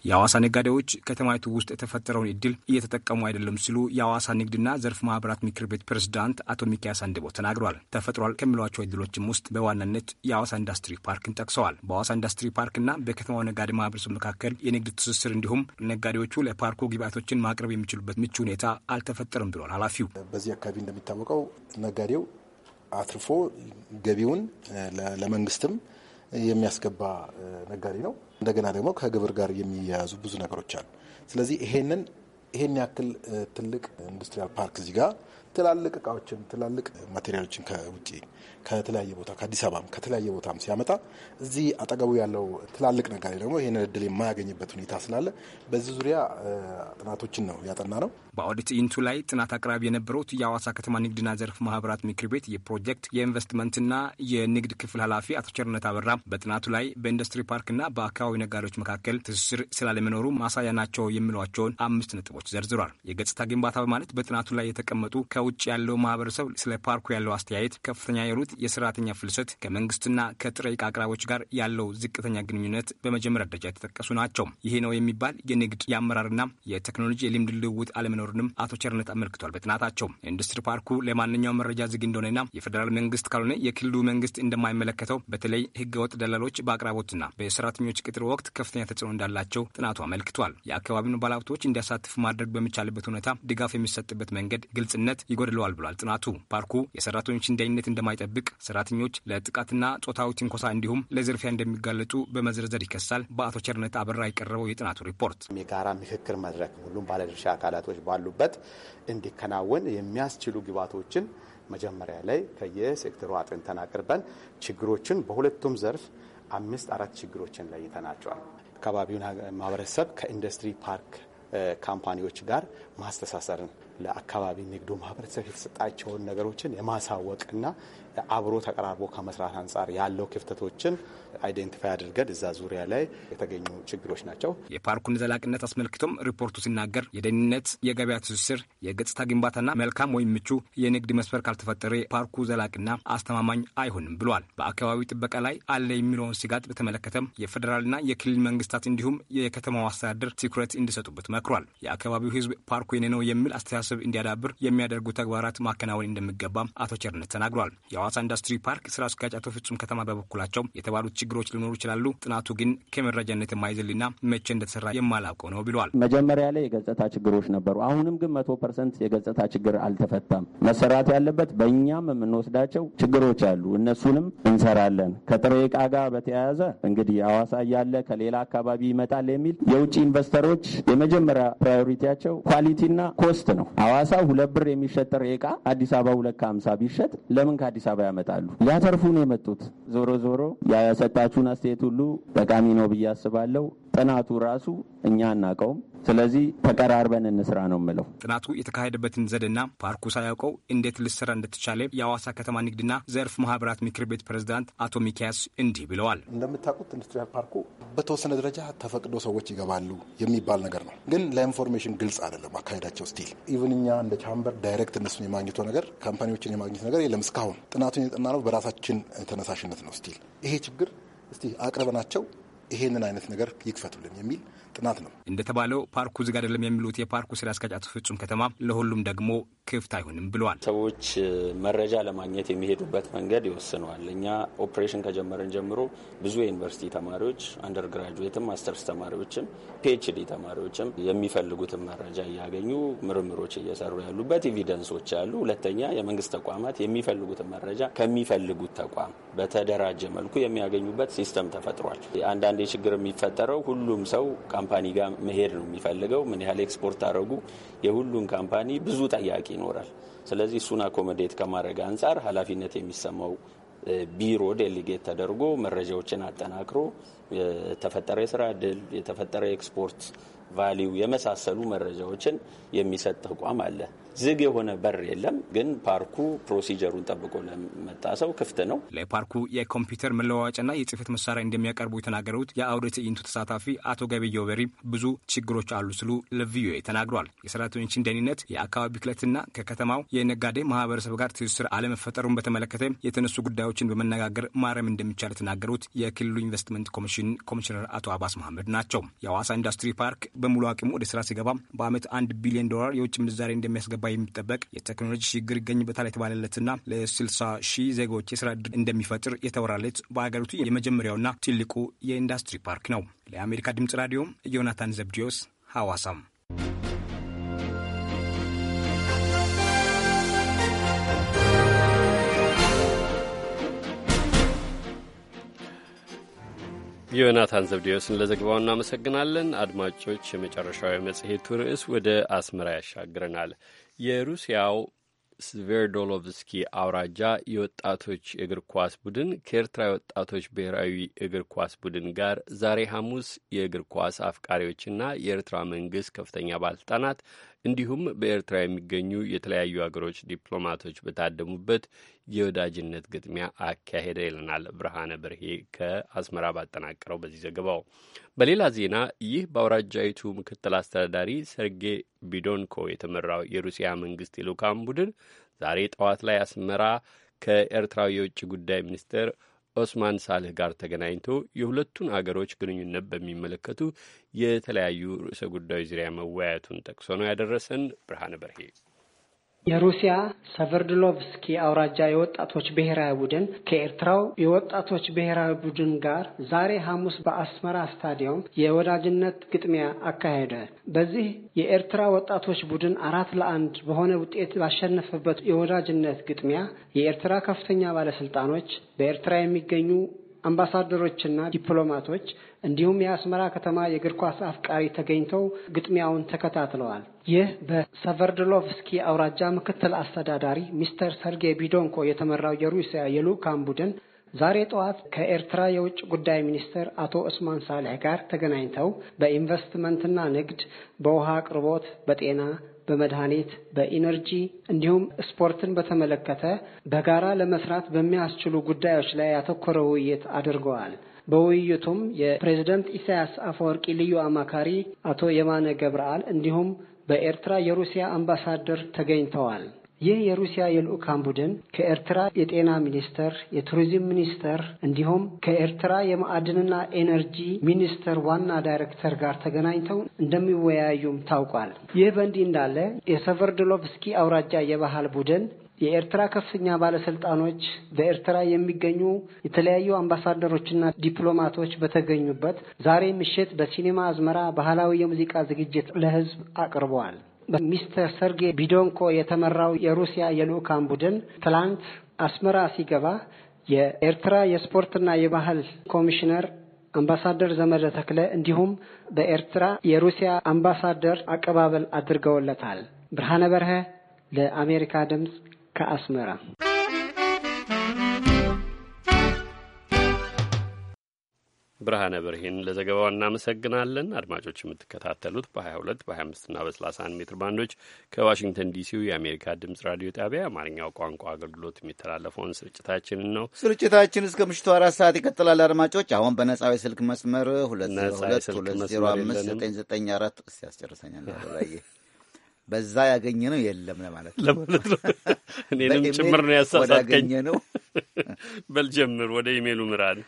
የአዋሳ ነጋዴዎች ከተማይቱ ውስጥ የተፈጠረውን እድል እየተጠቀሙ አይደለም ሲሉ የአዋሳ ንግድና ዘርፍ ማህበራት ምክር ቤት ፕሬዝዳንት አቶ ሚኪያስ አንድቦ ተናግሯል ተፈጥሯል ከሚሏቸው እድሎችም ውስጥ በዋናነት የአዋሳ ኢንዱስትሪ ፓርክን ጠቅሰዋል። በአዋሳ ኢንዱስትሪ ፓርክና በከተማው ነጋዴ ማህበረሰብ መካከል የንግድ ትስስር እንዲሁም ነጋዴዎቹ ለፓርኩ ግብአቶችን ማቅረብ የሚችሉበት ምቹ ሁኔታ አልተፈጠረም ብሏል ኃላፊው። በዚህ አካባቢ እንደሚታወቀው ነጋዴው አትርፎ ገቢውን ለመንግስትም የሚያስገባ ነጋዴ ነው። እንደገና ደግሞ ከግብር ጋር የሚያያዙ ብዙ ነገሮች አሉ። ስለዚህ ይሄንን ይሄን ያክል ትልቅ ኢንዱስትሪያል ፓርክ እዚህ ጋር ትላልቅ እቃዎችን ትላልቅ ማቴሪያሎችን ከውጭ ከተለያየ ቦታ ከአዲስ አበባም ከተለያየ ቦታም ሲያመጣ እዚህ አጠገቡ ያለው ትላልቅ ነጋዴ ደግሞ ይህንን እድል የማያገኝበት ሁኔታ ስላለ በዚህ ዙሪያ ጥናቶችን ነው ያጠና ነው። በአውዲት ትዕይንቱ ላይ ጥናት አቅራቢ የነበሩት የአዋሳ ከተማ ንግድና ዘርፍ ማህበራት ምክር ቤት የፕሮጀክት የኢንቨስትመንትና የንግድ ክፍል ኃላፊ አቶ ቸርነት አበራ በጥናቱ ላይ በኢንዱስትሪ ፓርክና በአካባቢ ነጋዴዎች መካከል ትስስር ስላለመኖሩ ማሳያ ናቸው የሚሏቸውን አምስት ነጥቦች ዘርዝሯል። የገጽታ ግንባታ በማለት በጥናቱ ላይ የተቀመጡ ከውጭ ያለው ማህበረሰብ ስለ ፓርኩ ያለው አስተያየት ከፍተኛ የሆኑት የሰራተኛ ፍልሰት ከመንግስትና ከጥሬ ዕቃ አቅራቦች ጋር ያለው ዝቅተኛ ግንኙነት በመጀመሪያ ደረጃ የተጠቀሱ ናቸው። ይሄ ነው የሚባል የንግድ የአመራርና የቴክኖሎጂ የልምድ ልውውጥ አለመኖርንም አቶ ቸርነት አመልክቷል። በጥናታቸው ኢንዱስትሪ ፓርኩ ለማንኛውም መረጃ ዝግ እንደሆነና የፌዴራል መንግስት ካልሆነ የክልሉ መንግስት እንደማይመለከተው በተለይ ህገወጥ ደላሎች በአቅራቦትና በሰራተኞች ቅጥር ወቅት ከፍተኛ ተጽዕኖ እንዳላቸው ጥናቱ አመልክቷል። የአካባቢውን ባለሀብቶች እንዲያሳትፍ ማድረግ በሚቻልበት ሁኔታ ድጋፍ የሚሰጥበት መንገድ ግልጽነት ይጎድለዋል ብሏል ጥናቱ። ፓርኩ የሰራተኞችን ደህንነት እንደማይጠብቅ ሰራተኞች ለጥቃትና ጾታዊ ትንኮሳ እንዲሁም ለዝርፊያ እንደሚጋለጡ በመዘርዘር ይከሳል። በአቶ ቸርነት አበራ የቀረበው የጥናቱ ሪፖርት የጋራ ምክክር መድረክ ሁሉም ባለድርሻ አካላቶች ባሉበት እንዲከናወን የሚያስችሉ ግባቶችን መጀመሪያ ላይ ከየሴክተሩ አጥንተን አቅርበን ችግሮችን በሁለቱም ዘርፍ አምስት አራት ችግሮችን ለይተናቸዋል። አካባቢውን ማህበረሰብ ከኢንዱስትሪ ፓርክ ካምፓኒዎች ጋር ማስተሳሰርን ለአካባቢ ንግዱ ማህበረሰብ የተሰጣቸውን ነገሮችን የማሳወቅና አብሮ ተቀራርቦ ከመስራት አንጻር ያለው ክፍተቶችን አይደንቲፋይ አድርገን እዛ ዙሪያ ላይ የተገኙ ችግሮች ናቸው። የፓርኩን ዘላቂነት አስመልክቶም ሪፖርቱ ሲናገር የደህንነት፣ የገበያ ትስስር፣ የገጽታ ግንባታና መልካም ወይም ምቹ የንግድ መስፈር ካልተፈጠረ ፓርኩ ዘላቂና አስተማማኝ አይሆንም ብሏል። በአካባቢው ጥበቃ ላይ አለ የሚለውን ስጋት በተመለከተም የፌዴራልና የክልል መንግስታት እንዲሁም የከተማው አስተዳደር ትኩረት እንዲሰጡበት መክሯል። የአካባቢው ህዝብ ፓርኩ የኔ ነው የሚል አስተሳሰብ እንዲያዳብር የሚያደርጉ ተግባራት ማከናወን እንደሚገባም አቶ ቸርነት ተናግሯል። የሐዋሳ ኢንዱስትሪ ፓርክ ስራ አስኪያጅ አቶ ፍጹም ከተማ በበኩላቸው የተባሉት ችግሮች ሊኖሩ ይችላሉ። ጥናቱ ግን ከመረጃነት የማይዘልና መቼ እንደተሰራ የማላውቀው ነው ብሏል። መጀመሪያ ላይ የገጽታ ችግሮች ነበሩ። አሁንም ግን መቶ ፐርሰንት የገጽታ ችግር አልተፈታም። መሰራት ያለበት በእኛም የምንወስዳቸው ችግሮች አሉ። እነሱንም እንሰራለን። ከጥሬ እቃ ጋር በተያያዘ እንግዲህ አዋሳ እያለ ከሌላ አካባቢ ይመጣል የሚል የውጭ ኢንቨስተሮች የመጀመሪያ ፕራዮሪቲያቸው ኳሊቲና ኮስት ነው። አዋሳ ሁለት ብር የሚሸጥ ጥሬ እቃ አዲስ አበባ ሁለት ከሀምሳ ቢሸጥ ለምን ከአዲስ አበባ ያመጣሉ? ሊያተርፉ ነው የመጡት። ዞሮ ዞሮ የሰጣችሁን አስተያየት ሁሉ ጠቃሚ ነው ብዬ አስባለሁ። ጥናቱ ራሱ እኛ አናውቀውም ስለዚህ ተቀራርበን እንስራ ነው የምለው። ጥናቱ የተካሄደበትን ዘዴና ፓርኩ ሳያውቀው እንዴት ልሰራ እንደተቻለ የአዋሳ ከተማ ንግድና ዘርፍ ማህበራት ምክር ቤት ፕሬዚዳንት አቶ ሚኪያስ እንዲህ ብለዋል። እንደምታውቁት ኢንዱስትሪያል ፓርኩ በተወሰነ ደረጃ ተፈቅዶ ሰዎች ይገባሉ የሚባል ነገር ነው፣ ግን ለኢንፎርሜሽን ግልጽ አይደለም አካሄዳቸው። ስቲል ኢቭን እኛ እንደ ቻምበር ዳይሬክት እነሱን የማግኘቱ ነገር ካምፓኒዎችን የማግኘት ነገር የለም። እስካሁን ጥናቱን የጠናነው በራሳችን ተነሳሽነት ነው። ስቲል ይሄ ችግር እስቲ አቅርበናቸው ይሄንን አይነት ነገር ይክፈቱልን የሚል ጥናት ነው። እንደተባለው ፓርኩ ዝግ አይደለም የሚሉት የፓርኩ ስራ አስኪያጅ አቶ ፍጹም ከተማ ለሁሉም ደግሞ ክፍት አይሆንም ብለዋል። ሰዎች መረጃ ለማግኘት የሚሄዱበት መንገድ ይወስነዋል። እኛ ኦፕሬሽን ከጀመረን ጀምሮ ብዙ የዩኒቨርሲቲ ተማሪዎች አንደርግራጁዌትም፣ ማስተርስ ተማሪዎችም፣ ፒኤችዲ ተማሪዎችም የሚፈልጉትን መረጃ እያገኙ ምርምሮች እየሰሩ ያሉበት ኤቪደንሶች አሉ። ሁለተኛ የመንግስት ተቋማት የሚፈልጉትን መረጃ ከሚፈልጉት ተቋም በተደራጀ መልኩ የሚያገኙበት ሲስተም ተፈጥሯል። አንዳንዴ ችግር የሚፈጠረው ሁሉም ሰው ካምፓኒ ጋር መሄድ ነው የሚፈልገው። ምን ያህል ኤክስፖርት አረጉ የሁሉም ካምፓኒ ብዙ ጠያቂ ይኖራል። ስለዚህ እሱን አኮመዴት ከማድረግ አንጻር ኃላፊነት የሚሰማው ቢሮ ዴሊጌት ተደርጎ መረጃዎችን አጠናክሮ የተፈጠረ የስራ እድል፣ የተፈጠረ ኤክስፖርት ቫሊዩ የመሳሰሉ መረጃዎችን የሚሰጥ ተቋም አለ። ዝግ የሆነ በር የለም። ግን ፓርኩ ፕሮሲጀሩን ጠብቆ ለመጣ ሰው ክፍት ነው። ለፓርኩ የኮምፒውተር መለዋወጫና የጽህፈት መሳሪያ እንደሚያቀርቡ የተናገሩት የአውደ ትዕይንቱ ተሳታፊ አቶ ገበየው በሪ ብዙ ችግሮች አሉ ስሉ ለቪኦኤ ተናግሯል። የሰራተኞችን ደህንነት፣ የአካባቢ ብክለትና ከከተማው የነጋዴ ማህበረሰብ ጋር ትስስር አለመፈጠሩን በተመለከተ የተነሱ ጉዳዮችን በመነጋገር ማረም እንደሚቻል የተናገሩት የክልሉ ኢንቨስትመንት ኮሚሽን ኮሚሽነር አቶ አባስ መሐመድ ናቸው። የአዋሳ ኢንዱስትሪ ፓርክ በሙሉ አቅሙ ወደ ስራ ሲገባ በአመት አንድ ቢሊዮን ዶላር የውጭ ምንዛሬ እንደሚያስገባ የሚጠበቅ የቴክኖሎጂ ችግር ይገኝበታል የተባለለትና ለ60 ሺህ ዜጎች የስራ እድል እንደሚፈጥር የተወራለት በሀገሪቱ የመጀመሪያውና ትልቁ የኢንዱስትሪ ፓርክ ነው። ለአሜሪካ ድምጽ ራዲዮ ዮናታን ዘብዲዮስ ሐዋሳም ዮናታን ዘብዴዎስን ለዘገባው እናመሰግናለን። አድማጮች፣ የመጨረሻዊ መጽሔቱ ርዕስ ወደ አስመራ ያሻግረናል። የሩሲያው ስቬርዶሎቭስኪ አውራጃ የወጣቶች እግር ኳስ ቡድን ከኤርትራ የወጣቶች ብሔራዊ እግር ኳስ ቡድን ጋር ዛሬ ሐሙስ የእግር ኳስ አፍቃሪዎችና የኤርትራ መንግስት ከፍተኛ ባለስልጣናት እንዲሁም በኤርትራ የሚገኙ የተለያዩ ሀገሮች ዲፕሎማቶች በታደሙበት የወዳጅነት ግጥሚያ አካሄደ ይለናል ብርሃነ በርሄ ከአስመራ ባጠናቀረው በዚህ ዘገባው። በሌላ ዜና ይህ በአውራጃይቱ ምክትል አስተዳዳሪ ሰርጌ ቢዶንኮ የተመራው የሩሲያ መንግስት የልኡካን ቡድን ዛሬ ጠዋት ላይ አስመራ ከኤርትራዊ የውጭ ጉዳይ ሚኒስትር ኦስማን ሳልህ ጋር ተገናኝቶ የሁለቱን አገሮች ግንኙነት በሚመለከቱ የተለያዩ ርዕሰ ጉዳዮች ዙሪያ መወያየቱን ጠቅሶ ነው ያደረሰን ብርሃነ በርሄ የሩሲያ ሰቨርድሎቭስኪ አውራጃ የወጣቶች ብሔራዊ ቡድን ከኤርትራው የወጣቶች ብሔራዊ ቡድን ጋር ዛሬ ሐሙስ በአስመራ ስታዲየም የወዳጅነት ግጥሚያ አካሄደ። በዚህ የኤርትራ ወጣቶች ቡድን አራት ለአንድ በሆነ ውጤት ባሸነፈበት የወዳጅነት ግጥሚያ የኤርትራ ከፍተኛ ባለስልጣኖች፣ በኤርትራ የሚገኙ አምባሳደሮችና ዲፕሎማቶች እንዲሁም የአስመራ ከተማ የእግር ኳስ አፍቃሪ ተገኝተው ግጥሚያውን ተከታትለዋል። ይህ በሰቨርድሎቭስኪ አውራጃ ምክትል አስተዳዳሪ ሚስተር ሰርጌይ ቢዶንኮ የተመራው የሩሲያ የልዑካን ቡድን ዛሬ ጠዋት ከኤርትራ የውጭ ጉዳይ ሚኒስትር አቶ እስማን ሳሌሕ ጋር ተገናኝተው በኢንቨስትመንትና ንግድ፣ በውሃ አቅርቦት፣ በጤና በመድኃኒት በኢነርጂ እንዲሁም ስፖርትን በተመለከተ በጋራ ለመስራት በሚያስችሉ ጉዳዮች ላይ ያተኮረ ውይይት አድርገዋል። በውይይቱም የፕሬዝደንት ኢሳያስ አፈወርቂ ልዩ አማካሪ አቶ የማነ ገብረአል እንዲሁም በኤርትራ የሩሲያ አምባሳደር ተገኝተዋል። ይህ የሩሲያ የልዑካን ቡድን ከኤርትራ የጤና ሚኒስተር የቱሪዝም ሚኒስተር እንዲሁም ከኤርትራ የማዕድንና ኤነርጂ ሚኒስቴር ዋና ዳይሬክተር ጋር ተገናኝተው እንደሚወያዩም ታውቋል። ይህ በእንዲህ እንዳለ የሰቨርድሎቭስኪ አውራጃ የባህል ቡድን የኤርትራ ከፍተኛ ባለስልጣኖች በኤርትራ የሚገኙ የተለያዩ አምባሳደሮችና ዲፕሎማቶች በተገኙበት ዛሬ ምሽት በሲኒማ አዝመራ ባህላዊ የሙዚቃ ዝግጅት ለህዝብ አቅርበዋል። በሚስተር ሰርጌ ቢዶንኮ የተመራው የሩሲያ የልዑካን ቡድን ትላንት አስመራ ሲገባ የኤርትራ የስፖርትና የባህል ኮሚሽነር አምባሳደር ዘመደ ተክለ እንዲሁም በኤርትራ የሩሲያ አምባሳደር አቀባበል አድርገውለታል። ብርሃነ በርሀ ለአሜሪካ ድምፅ ከአስመራ ብርሃነ ብርሄን ለዘገባው እናመሰግናለን። አድማጮች የምትከታተሉት በ22 በ25ና በ31 ሜትር ባንዶች ከዋሽንግተን ዲሲው የአሜሪካ ድምጽ ራዲዮ ጣቢያ የአማርኛው ቋንቋ አገልግሎት የሚተላለፈውን ስርጭታችንን ነው። ስርጭታችን እስከ ምሽቱ አራት ሰዓት ይቀጥላል። አድማጮች አሁን በነጻው የስልክ መስመር 202 205 994 ሲያስጨርሰኛል ላይ በዛ ያገኘ ነው የለም ለማለት ለማለት ነው። እኔንም ጭምር ነው ያሳሳትከኝ። ነው በልጀምር ወደ ኢሜሉ ምራን።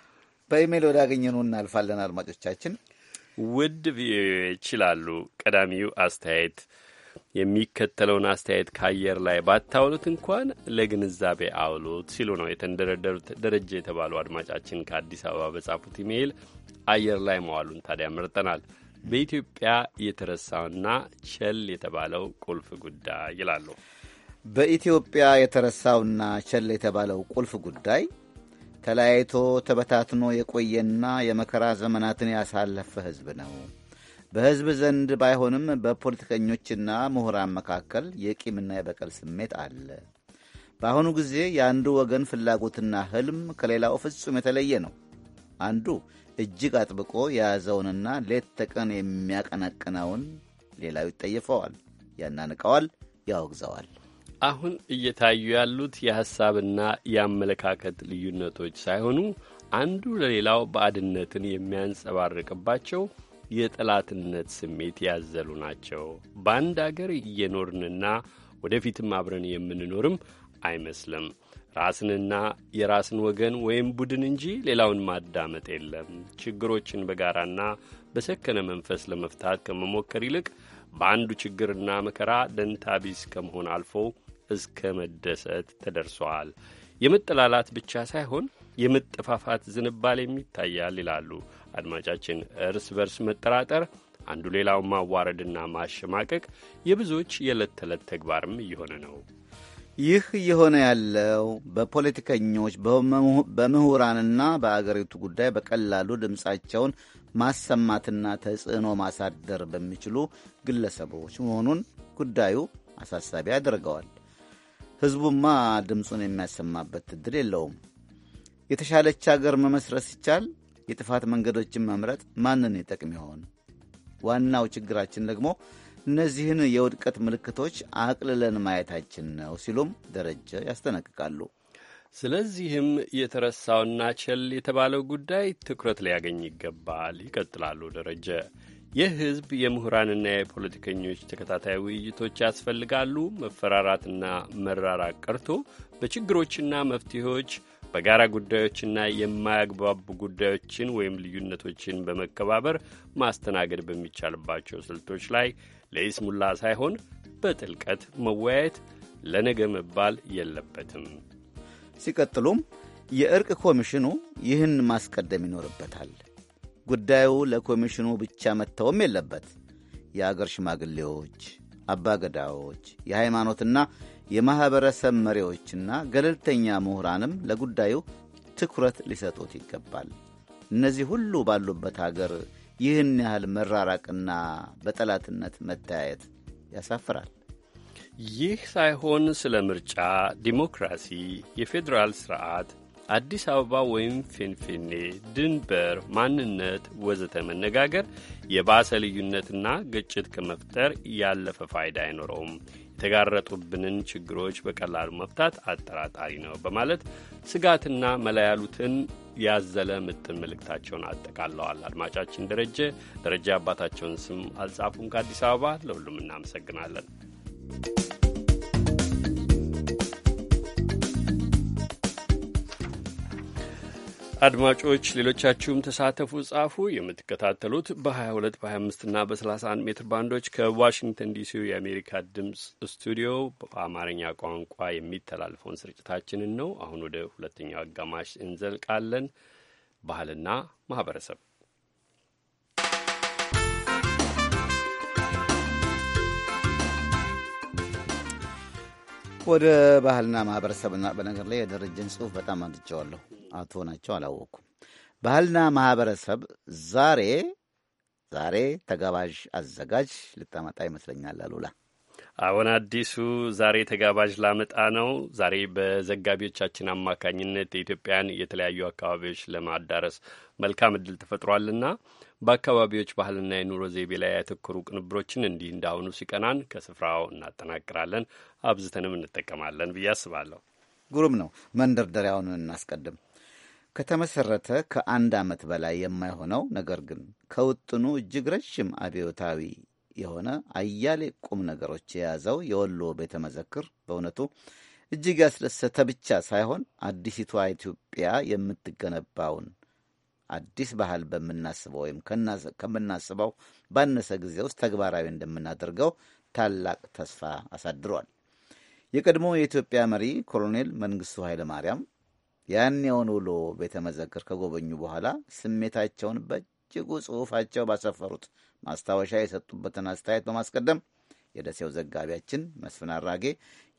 በኢሜል ወደ ያገኘ ነው እናልፋለን። አድማጮቻችን ውድ ቪዮች ይላሉ ቀዳሚው አስተያየት የሚከተለውን አስተያየት ከአየር ላይ ባታውሉት እንኳን ለግንዛቤ አውሉት ሲሉ ነው የተንደረደሩት። ደረጃ የተባሉ አድማጫችን ከአዲስ አበባ በጻፉት ኢሜይል አየር ላይ መዋሉን ታዲያ መርጠናል። በኢትዮጵያ የተረሳውና ቸል የተባለው ቁልፍ ጉዳይ ይላሉ። በኢትዮጵያ የተረሳውና ቸል የተባለው ቁልፍ ጉዳይ ተለያይቶ ተበታትኖ የቆየና የመከራ ዘመናትን ያሳለፈ ሕዝብ ነው። በሕዝብ ዘንድ ባይሆንም በፖለቲከኞችና ምሁራን መካከል የቂምና የበቀል ስሜት አለ። በአሁኑ ጊዜ የአንዱ ወገን ፍላጎትና ህልም ከሌላው ፍጹም የተለየ ነው። አንዱ እጅግ አጥብቆ የያዘውንና ሌት ተቀን የሚያቀነቅነውን ሌላው ይጠየፈዋል፣ ያናንቀዋል፣ ያወግዘዋል። አሁን እየታዩ ያሉት የሀሳብና የአመለካከት ልዩነቶች ሳይሆኑ አንዱ ለሌላው ባዕድነትን የሚያንጸባርቅባቸው የጠላትነት ስሜት ያዘሉ ናቸው። በአንድ አገር እየኖርንና ወደፊትም አብረን የምንኖርም አይመስልም። ራስንና የራስን ወገን ወይም ቡድን እንጂ ሌላውን ማዳመጥ የለም። ችግሮችን በጋራና በሰከነ መንፈስ ለመፍታት ከመሞከር ይልቅ በአንዱ ችግርና መከራ ደንታቢስ ከመሆን አልፎ እስከ መደሰት ተደርሰዋል። የመጠላላት ብቻ ሳይሆን የመጠፋፋት ዝንባሌም ይታያል ይላሉ አድማጫችን። እርስ በርስ መጠራጠር፣ አንዱ ሌላውን ማዋረድና ማሸማቀቅ የብዙዎች የዕለት ተዕለት ተግባርም እየሆነ ነው። ይህ እየሆነ ያለው በፖለቲከኞች በምሁራንና በአገሪቱ ጉዳይ በቀላሉ ድምፃቸውን ማሰማትና ተጽዕኖ ማሳደር በሚችሉ ግለሰቦች መሆኑን ጉዳዩ አሳሳቢ አድርገዋል። ሕዝቡማ ድምፁን የሚያሰማበት እድል የለውም። የተሻለች አገር መመስረት ሲቻል የጥፋት መንገዶችን መምረጥ ማንን ይጠቅም ይሆን? ዋናው ችግራችን ደግሞ እነዚህን የውድቀት ምልክቶች አቅልለን ማየታችን ነው ሲሉም ደረጀ ያስጠነቅቃሉ። ስለዚህም የተረሳውና ቸል የተባለው ጉዳይ ትኩረት ሊያገኝ ይገባል ይቀጥላሉ ደረጀ። ህዝብ የምሁራንና የፖለቲከኞች ተከታታይ ውይይቶች ያስፈልጋሉ። መፈራራትና መራራቅ ቀርቶ በችግሮችና መፍትሄዎች በጋራ ጉዳዮችና የማያግባቡ ጉዳዮችን ወይም ልዩነቶችን በመከባበር ማስተናገድ በሚቻልባቸው ስልቶች ላይ ለይስሙላ ሳይሆን በጥልቀት መወያየት ለነገ መባል የለበትም። ሲቀጥሉም የእርቅ ኮሚሽኑ ይህን ማስቀደም ይኖርበታል። ጉዳዩ ለኮሚሽኑ ብቻ መተውም የለበት። የአገር ሽማግሌዎች፣ አባገዳዎች፣ የሃይማኖትና የማኅበረሰብ መሪዎችና ገለልተኛ ምሁራንም ለጉዳዩ ትኩረት ሊሰጡት ይገባል። እነዚህ ሁሉ ባሉበት አገር ይህን ያህል መራራቅና በጠላትነት መተያየት ያሳፍራል። ይህ ሳይሆን ስለ ምርጫ፣ ዲሞክራሲ፣ የፌዴራል ስርዓት፣ አዲስ አበባ ወይም ፊንፊኔ፣ ድንበር፣ ማንነት ወዘተ መነጋገር የባሰ ልዩነትና ግጭት ከመፍጠር ያለፈ ፋይዳ አይኖረውም። የተጋረጡብንን ችግሮች በቀላሉ መፍታት አጠራጣሪ ነው በማለት ስጋትና መላ ያሉትን ያዘለ ምጥን መልእክታቸውን አጠቃለዋል። አድማጫችን ደረጀ ደረጃ አባታቸውን ስም አልጻፉም። ከአዲስ አበባ ለሁሉም እናመሰግናለን። አድማጮች ሌሎቻችሁም ተሳተፉ፣ ጻፉ። የምትከታተሉት በ22 በ25 እና በ31 ሜትር ባንዶች ከዋሽንግተን ዲሲ የአሜሪካ ድምፅ ስቱዲዮ በአማርኛ ቋንቋ የሚተላለፈውን ስርጭታችንን ነው። አሁን ወደ ሁለተኛው አጋማሽ እንዘልቃለን። ባህልና ማህበረሰብ ወደ ባህልና ማህበረሰብና በነገር ላይ የደረጀን ጽሁፍ በጣም አንትቸዋለሁ። አቶ ናቸው አላወቅኩም። ባህልና ማህበረሰብ ዛሬ ዛሬ ተጋባዥ አዘጋጅ ልታመጣ ይመስለኛል አሉላ አሁን አዲሱ ዛሬ ተጋባዥ ላመጣ ነው። ዛሬ በዘጋቢዎቻችን አማካኝነት የኢትዮጵያን የተለያዩ አካባቢዎች ለማዳረስ መልካም እድል ተፈጥሯልና በአካባቢዎች ባህልና የኑሮ ዘይቤ ላይ ያተኮሩ ቅንብሮችን እንዲህ እንዳሁኑ ሲቀናን ከስፍራው እናጠናቅራለን፣ አብዝተንም እንጠቀማለን ብዬ አስባለሁ። ግሩም ነው። መንደርደሪያውን እናስቀድም። ከተመሰረተ ከአንድ ዓመት በላይ የማይሆነው ነገር ግን ከውጥኑ እጅግ ረዥም አብዮታዊ የሆነ አያሌ ቁም ነገሮች የያዘው የወሎ ቤተ መዘክር በእውነቱ እጅግ ያስደሰተ ብቻ ሳይሆን አዲሲቷ ኢትዮጵያ የምትገነባውን አዲስ ባህል በምናስበው ወይም ከምናስበው ባነሰ ጊዜ ውስጥ ተግባራዊ እንደምናደርገው ታላቅ ተስፋ አሳድሯል። የቀድሞ የኢትዮጵያ መሪ ኮሎኔል መንግስቱ ኃይለ ማርያም ያኔውን ውሎ ቤተ መዘክር ከጎበኙ በኋላ ስሜታቸውን በእጅጉ ጽሑፋቸው ባሰፈሩት ማስታወሻ የሰጡበትን አስተያየት በማስቀደም የደሴው ዘጋቢያችን መስፍን አራጌ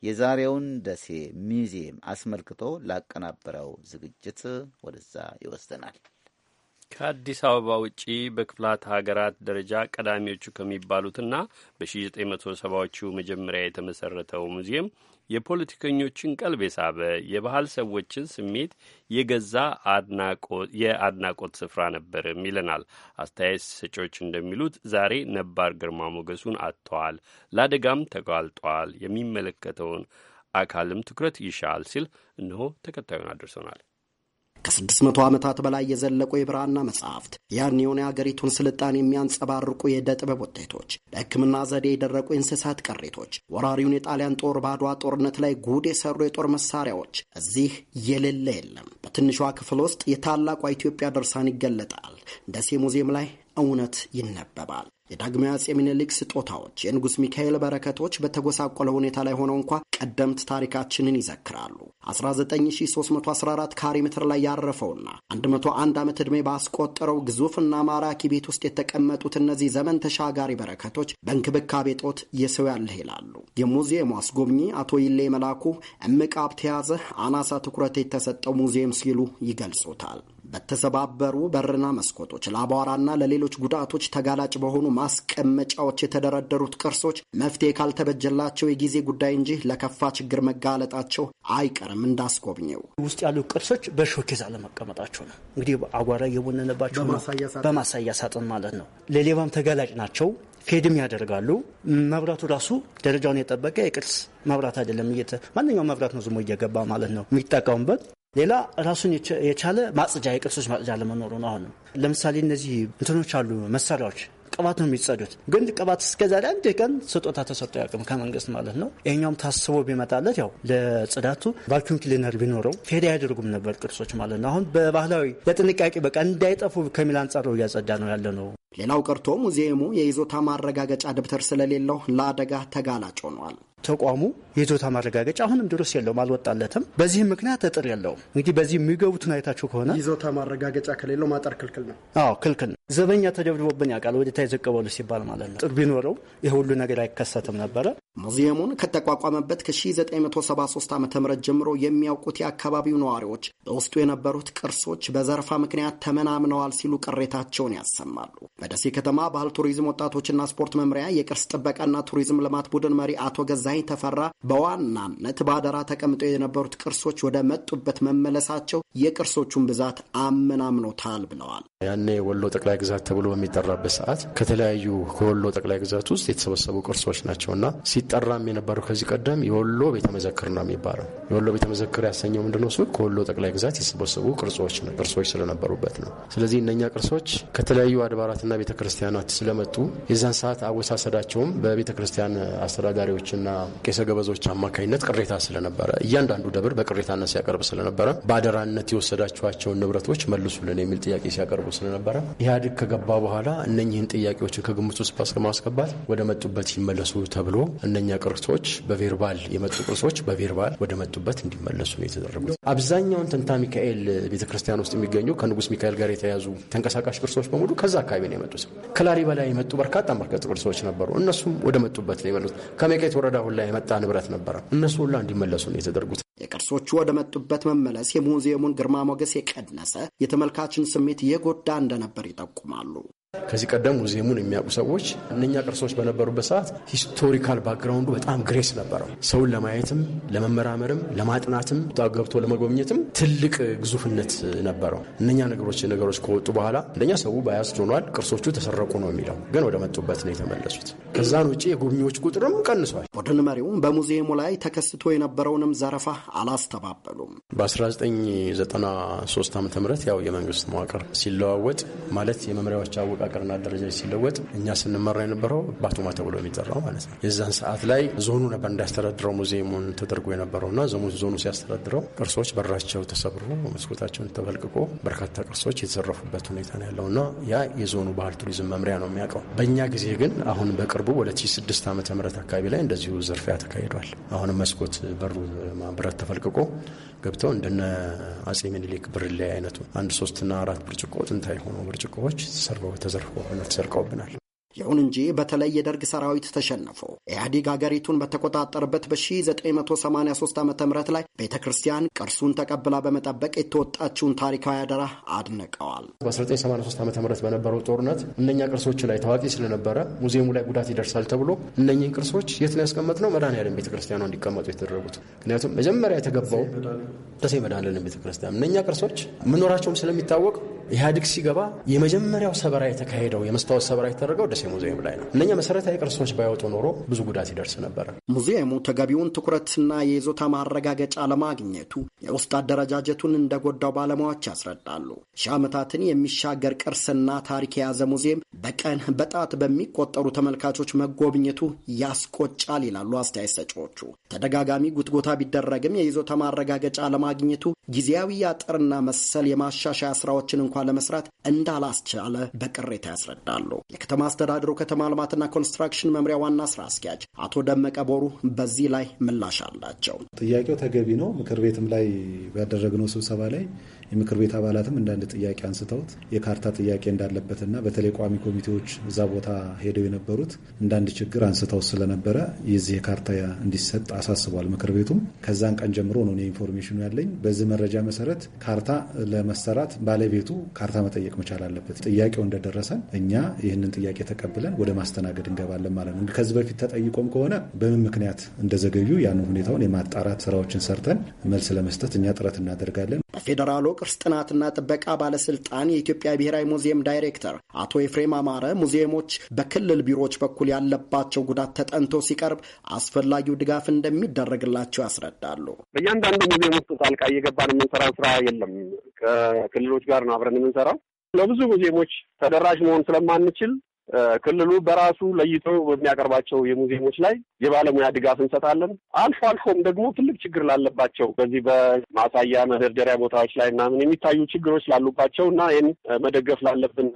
የዛሬውን ደሴ ሚዚየም አስመልክቶ ላቀናበረው ዝግጅት ወደዛ ይወስደናል። ከአዲስ አበባ ውጪ በክፍላት ሀገራት ደረጃ ቀዳሚዎቹ ከሚባሉትና በ1970ዎቹ መጀመሪያ የተመሰረተው ሙዚየም የፖለቲከኞችን ቀልብ የሳበ የባህል ሰዎችን ስሜት የገዛ የአድናቆት ስፍራ ነበርም ይለናል። አስተያየት ሰጪዎች እንደሚሉት ዛሬ ነባር ግርማ ሞገሱን አጥተዋል፣ ለአደጋም ተጋልጧል፣ የሚመለከተውን አካልም ትኩረት ይሻል ሲል እነሆ ተከታዩን አድርሶናል። ከ600 ዓመታት በላይ የዘለቁ የብራና መጽሐፍት፣ ያን የሆነ የአገሪቱን ስልጣን የሚያንጸባርቁ የዕደ ጥበብ ውጤቶች፣ በሕክምና ዘዴ የደረቁ የእንስሳት ቅሪቶች፣ ወራሪውን የጣሊያን ጦር ባዷ ጦርነት ላይ ጉድ የሰሩ የጦር መሳሪያዎች እዚህ የሌለ የለም። በትንሿ ክፍል ውስጥ የታላቋ ኢትዮጵያ ድርሳን ይገለጣል። ደሴ ሙዚየም ላይ እውነት ይነበባል። የዳግማዊ አጼ ምኒልክ ስጦታዎች፣ የንጉሥ ሚካኤል በረከቶች በተጎሳቆለ ሁኔታ ላይ ሆነው እንኳ ቀደምት ታሪካችንን ይዘክራሉ። 19314 ካሬ ሜትር ላይ ያረፈውና 101 ዓመት ዕድሜ ባስቆጠረው ግዙፍና ማራኪ ቤት ውስጥ የተቀመጡት እነዚህ ዘመን ተሻጋሪ በረከቶች በእንክብካቤ ጦት የሰው ያለህ ይላሉ የሙዚየሙ አስጎብኚ አቶ ይሌ መላኩ። እምቅ ሀብት የያዘ አናሳ ትኩረት የተሰጠው ሙዚየም ሲሉ ይገልጹታል። በተሰባበሩ በርና መስኮቶች ለአቧራና ለሌሎች ጉዳቶች ተጋላጭ በሆኑ ማስቀመጫዎች የተደረደሩት ቅርሶች መፍትሄ ካልተበጀላቸው የጊዜ ጉዳይ እንጂ ለከፋ ችግር መጋለጣቸው አይቀርም። እንዳስጎብኘው ውስጥ ያሉ ቅርሶች በሾኬዝ አለመቀመጣቸው ነው። እንግዲህ አጓራ እየቦነነባቸው በማሳያ ሳጥን ማለት ነው። ለሌባም ተጋላጭ ናቸው። ፌድም ያደርጋሉ። መብራቱ ራሱ ደረጃውን የጠበቀ የቅርስ መብራት አይደለም። ማንኛውም መብራት ነው ዝሞ እየገባ ማለት ነው የሚጠቀሙበት ሌላ ራሱን የቻለ ማጽጃ የቅርሶች ማጽጃ ለመኖሩ ነው። አሁንም ለምሳሌ እነዚህ እንትኖች አሉ መሳሪያዎች ቅባት ነው የሚጸዱት። ግን ቅባት ላይ አንድ ቀን ስጦታ ተሰጥቶ ያቅም ከመንግስት ማለት ነው። ይሄኛውም ታስቦ ቢመጣለት ያው ለጽዳቱ ቫኪዩም ክሊነር ቢኖረው ፌዳ አያደርጉም ነበር ቅርሶች ማለት ነው። አሁን በባህላዊ ለጥንቃቄ በቃ እንዳይጠፉ ከሚል አንጻር እያጸዳ ነው ያለ ነው። ሌላው ቀርቶ ሙዚየሙ የይዞታ ማረጋገጫ ደብተር ስለሌለው ለአደጋ ተጋላጭ ሆኗል። ተቋሙ የይዞታ ማረጋገጫ አሁንም ድረስ የለውም፣ አልወጣለትም። በዚህም ምክንያት እጥር የለውም። እንግዲህ በዚህ የሚገቡትን አይታችሁ ከሆነ ይዞታ ማረጋገጫ ከሌለው ማጠር ክልክል ነው። አዎ ክልክል ነው። ዘበኛ ተደብድቦብን ያውቃል፣ ወደ ታች ሲባል ማለት ነው። ጥር ቢኖረው ይህ ሁሉ ነገር አይከሰትም ነበረ። ሙዚየሙን ከተቋቋመበት ከ1973 ዓ ም ጀምሮ የሚያውቁት የአካባቢው ነዋሪዎች በውስጡ የነበሩት ቅርሶች በዘረፋ ምክንያት ተመናምነዋል ሲሉ ቅሬታቸውን ያሰማሉ። በደሴ ከተማ ባህል ቱሪዝም ወጣቶችና ስፖርት መምሪያ የቅርስ ጥበቃና ቱሪዝም ልማት ቡድን መሪ አቶ ገዛኝ ተፈራ በዋናነት በአደራ ተቀምጠው የነበሩት ቅርሶች ወደ መጡበት መመለሳቸው የቅርሶቹን ብዛት አመናምኖታል ብለዋል። ያኔ ወሎ ጠቅላይ ግዛት ተብሎ በሚጠራበት ሰዓት ከተለያዩ ከወሎ ጠቅላይ ግዛት ውስጥ የተሰበሰቡ ቅርሶች ናቸው እና ሲጠራም የነበረው ከዚህ ቀደም የወሎ ቤተመዘክር ነው የሚባለው። የወሎ ቤተመዘክር ያሰኘው ምንድነው? እሱ ከወሎ ጠቅላይ ግዛት የተሰበሰቡ ቅርሶች ስለነበሩበት ነው። ስለዚህ እነኛ ቅርሶች ከተለያዩ አድባራት ክርስትና ቤተ ክርስቲያናት ስለመጡ የዛን ሰዓት አወሳሰዳቸውም በቤተ ክርስቲያን አስተዳዳሪዎችና ቄሰ ገበዞች አማካኝነት ቅሬታ ስለነበረ እያንዳንዱ ደብር በቅሬታነት ሲያቀርብ ስለነበረ በአደራነት የወሰዳችኋቸውን ንብረቶች መልሱልን የሚል ጥያቄ ሲያቀርቡ ስለነበረ ኢህአዴግ ከገባ በኋላ እነኚህን ጥያቄዎችን ከግምት ውስጥ በማስገባት ወደ መጡበት ይመለሱ ተብሎ እነኛ ቅርሶች በቬርባል የመጡ ቅርሶች በቬርባል ወደ መጡበት እንዲመለሱ ነው የተደረጉት። አብዛኛውን ተንታ ሚካኤል ቤተክርስቲያን ውስጥ የሚገኙ ከንጉስ ሚካኤል ጋር የተያዙ ተንቀሳቃሽ ቅርሶች በሙሉ ከዛ አካባቢ ነው የመጡት። ከላሊበላ የመጡ በርካታ በርካታ ጥቁር ሰዎች ነበሩ። እነሱም ወደ መጡበት ነው የመጡት። ከመቄት ወረዳ ሁላ የመጣ ንብረት ነበረ። እነሱ ሁላ እንዲመለሱ ነው የተደረጉት። የቅርሶቹ ወደ መጡበት መመለስ የሙዚየሙን ግርማ ሞገስ የቀነሰ፣ የተመልካችን ስሜት የጎዳ እንደነበር ይጠቁማሉ። ከዚህ ቀደም ሙዚየሙን የሚያውቁ ሰዎች እነኛ ቅርሶች በነበሩበት ሰዓት ሂስቶሪካል ባክግራውንዱ በጣም ግሬስ ነበረው። ሰውን ለማየትም ለመመራመርም ለማጥናትም ገብቶ ለመጎብኘትም ትልቅ ግዙፍነት ነበረው። እነኛ ነገሮች ነገሮች ከወጡ በኋላ እንደኛ ሰው ባያስድ ሆኗል። ቅርሶቹ ተሰረቁ ነው የሚለው ግን ወደ መጡበት ነው የተመለሱት። ከዛን ውጭ የጎብኚዎች ቁጥርም ቀንሷል። ቡድን መሪውም በሙዚየሙ ላይ ተከስቶ የነበረውንም ዘረፋ አላስተባበሉም። በ1993 ዓ ም ያው የመንግስት መዋቅር ሲለዋወጥ ማለት የመምሪያዎች አቅርና አደረጃጀት ሲለወጥ እኛ ስንመራ የነበረው ባቱማ ተብሎ የሚጠራው ማለት ነው። የዛን ሰዓት ላይ ዞኑ ነበር እንዳያስተዳድረው ሙዚየሙን ተደርጎ የነበረውና ዞኑ ሲያስተዳድረው ቅርሶች በራቸው ተሰብሮ መስኮታቸውን ተፈልቅቆ በርካታ ቅርሶች የተዘረፉበት ሁኔታ ነው ያለውና ያ የዞኑ ባህል ቱሪዝም መምሪያ ነው የሚያውቀው። በእኛ ጊዜ ግን አሁን በቅርቡ 2006 ዓ ም አካባቢ ላይ እንደዚሁ ዝርፊያ ተካሂዷል። አሁንም መስኮት በሩ ብረት ተፈልቅቆ ገብተው እንደነ አጼ ምኒልክ ብርሌ አይነቱ አንድ ሶስትና አራት ብርጭቆ ጥንታዊ የሆኑ ብርጭቆዎች ተሰርበው ተዘርፈው ተሰርቀውብናል። ይሁን እንጂ በተለይ የደርግ ሰራዊት ተሸንፎ ኢህአዲግ አገሪቱን በተቆጣጠረበት በ1983 ዓ ም ላይ ቤተ ክርስቲያን ቅርሱን ተቀብላ በመጠበቅ የተወጣችውን ታሪካዊ አደራ አድንቀዋል። በ1983 ዓ ም በነበረው ጦርነት እነኛ ቅርሶች ላይ ታዋቂ ስለነበረ ሙዚየሙ ላይ ጉዳት ይደርሳል ተብሎ እነኚህን ቅርሶች የት ነው ያስቀመጥነው? መድኃኔዓለም ቤተ ክርስቲያኗ እንዲቀመጡ የተደረጉት ምክንያቱም መጀመሪያ የተገባው ደሴ መድኃኔዓለም ቤተ ክርስቲያን እነኛ ቅርሶች መኖራቸውም ስለሚታወቅ ኢህአዲግ ሲገባ የመጀመሪያው ሰበራ የተካሄደው የመስታወት ሰበራ የተደረገው ደሴ ሙዚየም ላይ ነው። እነኛ መሰረታዊ ቅርሶች ባይወጡ ኖሮ ብዙ ጉዳት ይደርስ ነበረ። ሙዚየሙ ተገቢውን ትኩረትና የይዞታ ማረጋገጫ ለማግኘቱ የውስጥ አደረጃጀቱን እንደጎዳው ባለሙያዎች ያስረዳሉ። ሺህ ዓመታትን የሚሻገር ቅርስና ታሪክ የያዘ ሙዚየም በቀን በጣት በሚቆጠሩ ተመልካቾች መጎብኘቱ ያስቆጫል ይላሉ አስተያየት ሰጪዎቹ። ተደጋጋሚ ጉትጎታ ቢደረግም የይዞታ ማረጋገጫ ለማግኘቱ ጊዜያዊ አጥርና መሰል የማሻሻያ ስራዎችን እንኳ ለመስራት እንዳላስቻለ በቅሬታ ያስረዳሉ። የከተማ አስተዳደሩ ከተማ ልማትና ኮንስትራክሽን መምሪያ ዋና ስራ አስኪያጅ አቶ ደመቀ ቦሩ በዚህ ላይ ምላሽ አላቸው። ጥያቄው ተገቢ ነው። ምክር ቤትም ላይ ያደረግነው ስብሰባ ላይ የምክር ቤት አባላትም እንዳንድ ጥያቄ አንስተውት የካርታ ጥያቄ እንዳለበትና በተለይ ቋሚ ኮሚቴዎች እዛ ቦታ ሄደው የነበሩት እንዳንድ ችግር አንስተውት ስለነበረ የዚህ የካርታ እንዲሰጥ አሳስቧል ምክር ቤቱም። ከዛን ቀን ጀምሮ ነው ኢንፎርሜሽኑ ያለኝ። በዚህ መረጃ መሰረት ካርታ ለመሰራት ባለቤቱ ካርታ መጠየቅ መቻል አለበት። ጥያቄው እንደደረሰን እኛ ይህንን ጥያቄ ተቀብለን ወደ ማስተናገድ እንገባለን ማለት ነው። ከዚህ በፊት ተጠይቆም ከሆነ በምን ምክንያት እንደዘገዩ ያንን ሁኔታውን የማጣራት ስራዎችን ሰርተን መልስ ለመስጠት እኛ ጥረት እናደርጋለን። በፌዴራል ቅርስ ጥናትና ጥበቃ ባለስልጣን የኢትዮጵያ ብሔራዊ ሙዚየም ዳይሬክተር አቶ ኤፍሬም አማረ ሙዚየሞች በክልል ቢሮዎች በኩል ያለባቸው ጉዳት ተጠንቶ ሲቀርብ አስፈላጊው ድጋፍ እንደሚደረግላቸው ያስረዳሉ። በእያንዳንዱ ሙዚየም ውስጥ ጣልቃ እየገባን የምንሰራው ስራ የለም። ከክልሎች ጋር ነው አብረን የምንሰራው። ለብዙ ሙዚየሞች ተደራሽ መሆን ስለማንችል ክልሉ በራሱ ለይቶ በሚያቀርባቸው የሙዚየሞች ላይ የባለሙያ ድጋፍ እንሰጣለን። አልፎ አልፎም ደግሞ ትልቅ ችግር ላለባቸው በዚህ በማሳያ መደርደሪያ ቦታዎች ላይ ምናምን የሚታዩ ችግሮች ላሉባቸው እና ይህን መደገፍ ላለብን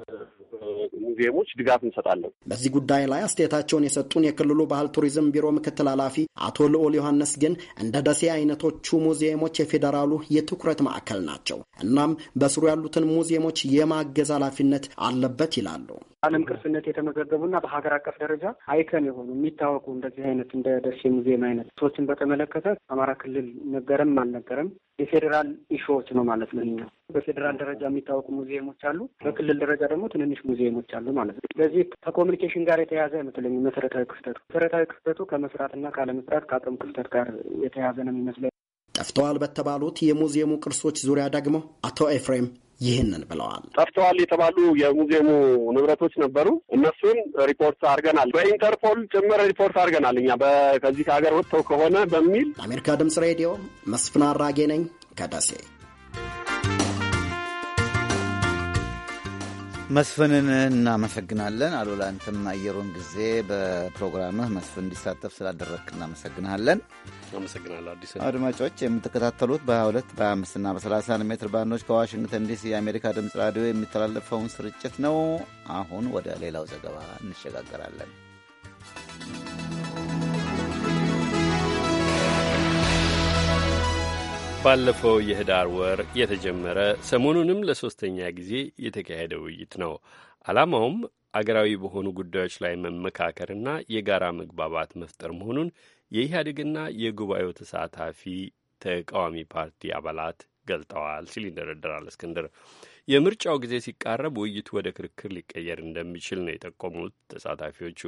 ሙዚየሞች ድጋፍ እንሰጣለን። በዚህ ጉዳይ ላይ አስተያየታቸውን የሰጡን የክልሉ ባህል ቱሪዝም ቢሮ ምክትል ኃላፊ አቶ ልዑል ዮሐንስ ግን እንደ ደሴ አይነቶቹ ሙዚየሞች የፌዴራሉ የትኩረት ማዕከል ናቸው። እናም በስሩ ያሉትን ሙዚየሞች የማገዝ ኃላፊነት አለበት ይላሉ። ዓለም ቅርስነት የተመዘገቡና በሀገር አቀፍ ደረጃ አይከን የሆኑ የሚታወቁ እንደዚህ አይነት እንደ ደሴ ሙዚየም አይነት ሶችን በተመለከተ አማራ ክልል ነገረም አልነገረም የፌዴራል ኢሾዎች ነው ማለት ነው። እኛ በፌዴራል ደረጃ የሚታወቁ ሙዚየሞች አሉ፣ በክልል ደረጃ ደግሞ ትንንሽ ሙዚየሞች አሉ ማለት ነው። ስለዚህ ከኮሚኒኬሽን ጋር የተያያዘ አይመስለኝም መሰረታዊ ክፍተቱ። መሰረታዊ ክፍተቱ ከመስራትና ካለመስራት ከአቅም ክፍተት ጋር የተያያዘ ነው የሚመስለኝ። ጠፍተዋል በተባሉት የሙዚየሙ ቅርሶች ዙሪያ ደግሞ አቶ ኤፍሬም ይህንን ብለዋል። ጠፍተዋል የተባሉ የሙዚየሙ ንብረቶች ነበሩ። እነሱን ሪፖርት አድርገናል። በኢንተርፖል ጭምር ሪፖርት አድርገናል። እኛ ከዚህ ከሀገር ወጥተው ከሆነ በሚል ለአሜሪካ ድምፅ ሬዲዮ መስፍን አራጌ ነኝ ከደሴ መስፍንን እናመሰግናለን። አሉላ አንተም አየሩን ጊዜ በፕሮግራምህ መስፍን እንዲሳተፍ ስላደረግክ እናመሰግናለን። አመሰግናለሁ አድማጮች የምትከታተሉት በ22 በ25ና በ30 ሜትር ባንዶች ከዋሽንግተን ዲሲ የአሜሪካ ድምፅ ራዲዮ የሚተላለፈውን ስርጭት ነው። አሁን ወደ ሌላው ዘገባ እንሸጋገራለን። ባለፈው የህዳር ወር የተጀመረ ሰሞኑንም ለሶስተኛ ጊዜ የተካሄደ ውይይት ነው። ዓላማውም አገራዊ በሆኑ ጉዳዮች ላይ መመካከርና የጋራ መግባባት መፍጠር መሆኑን የኢህአዴግና የጉባኤው ተሳታፊ ተቃዋሚ ፓርቲ አባላት ገልጠዋል ሲል ይንደረደራል እስክንድር። የምርጫው ጊዜ ሲቃረብ ውይይቱ ወደ ክርክር ሊቀየር እንደሚችል ነው የጠቆሙት ተሳታፊዎቹ።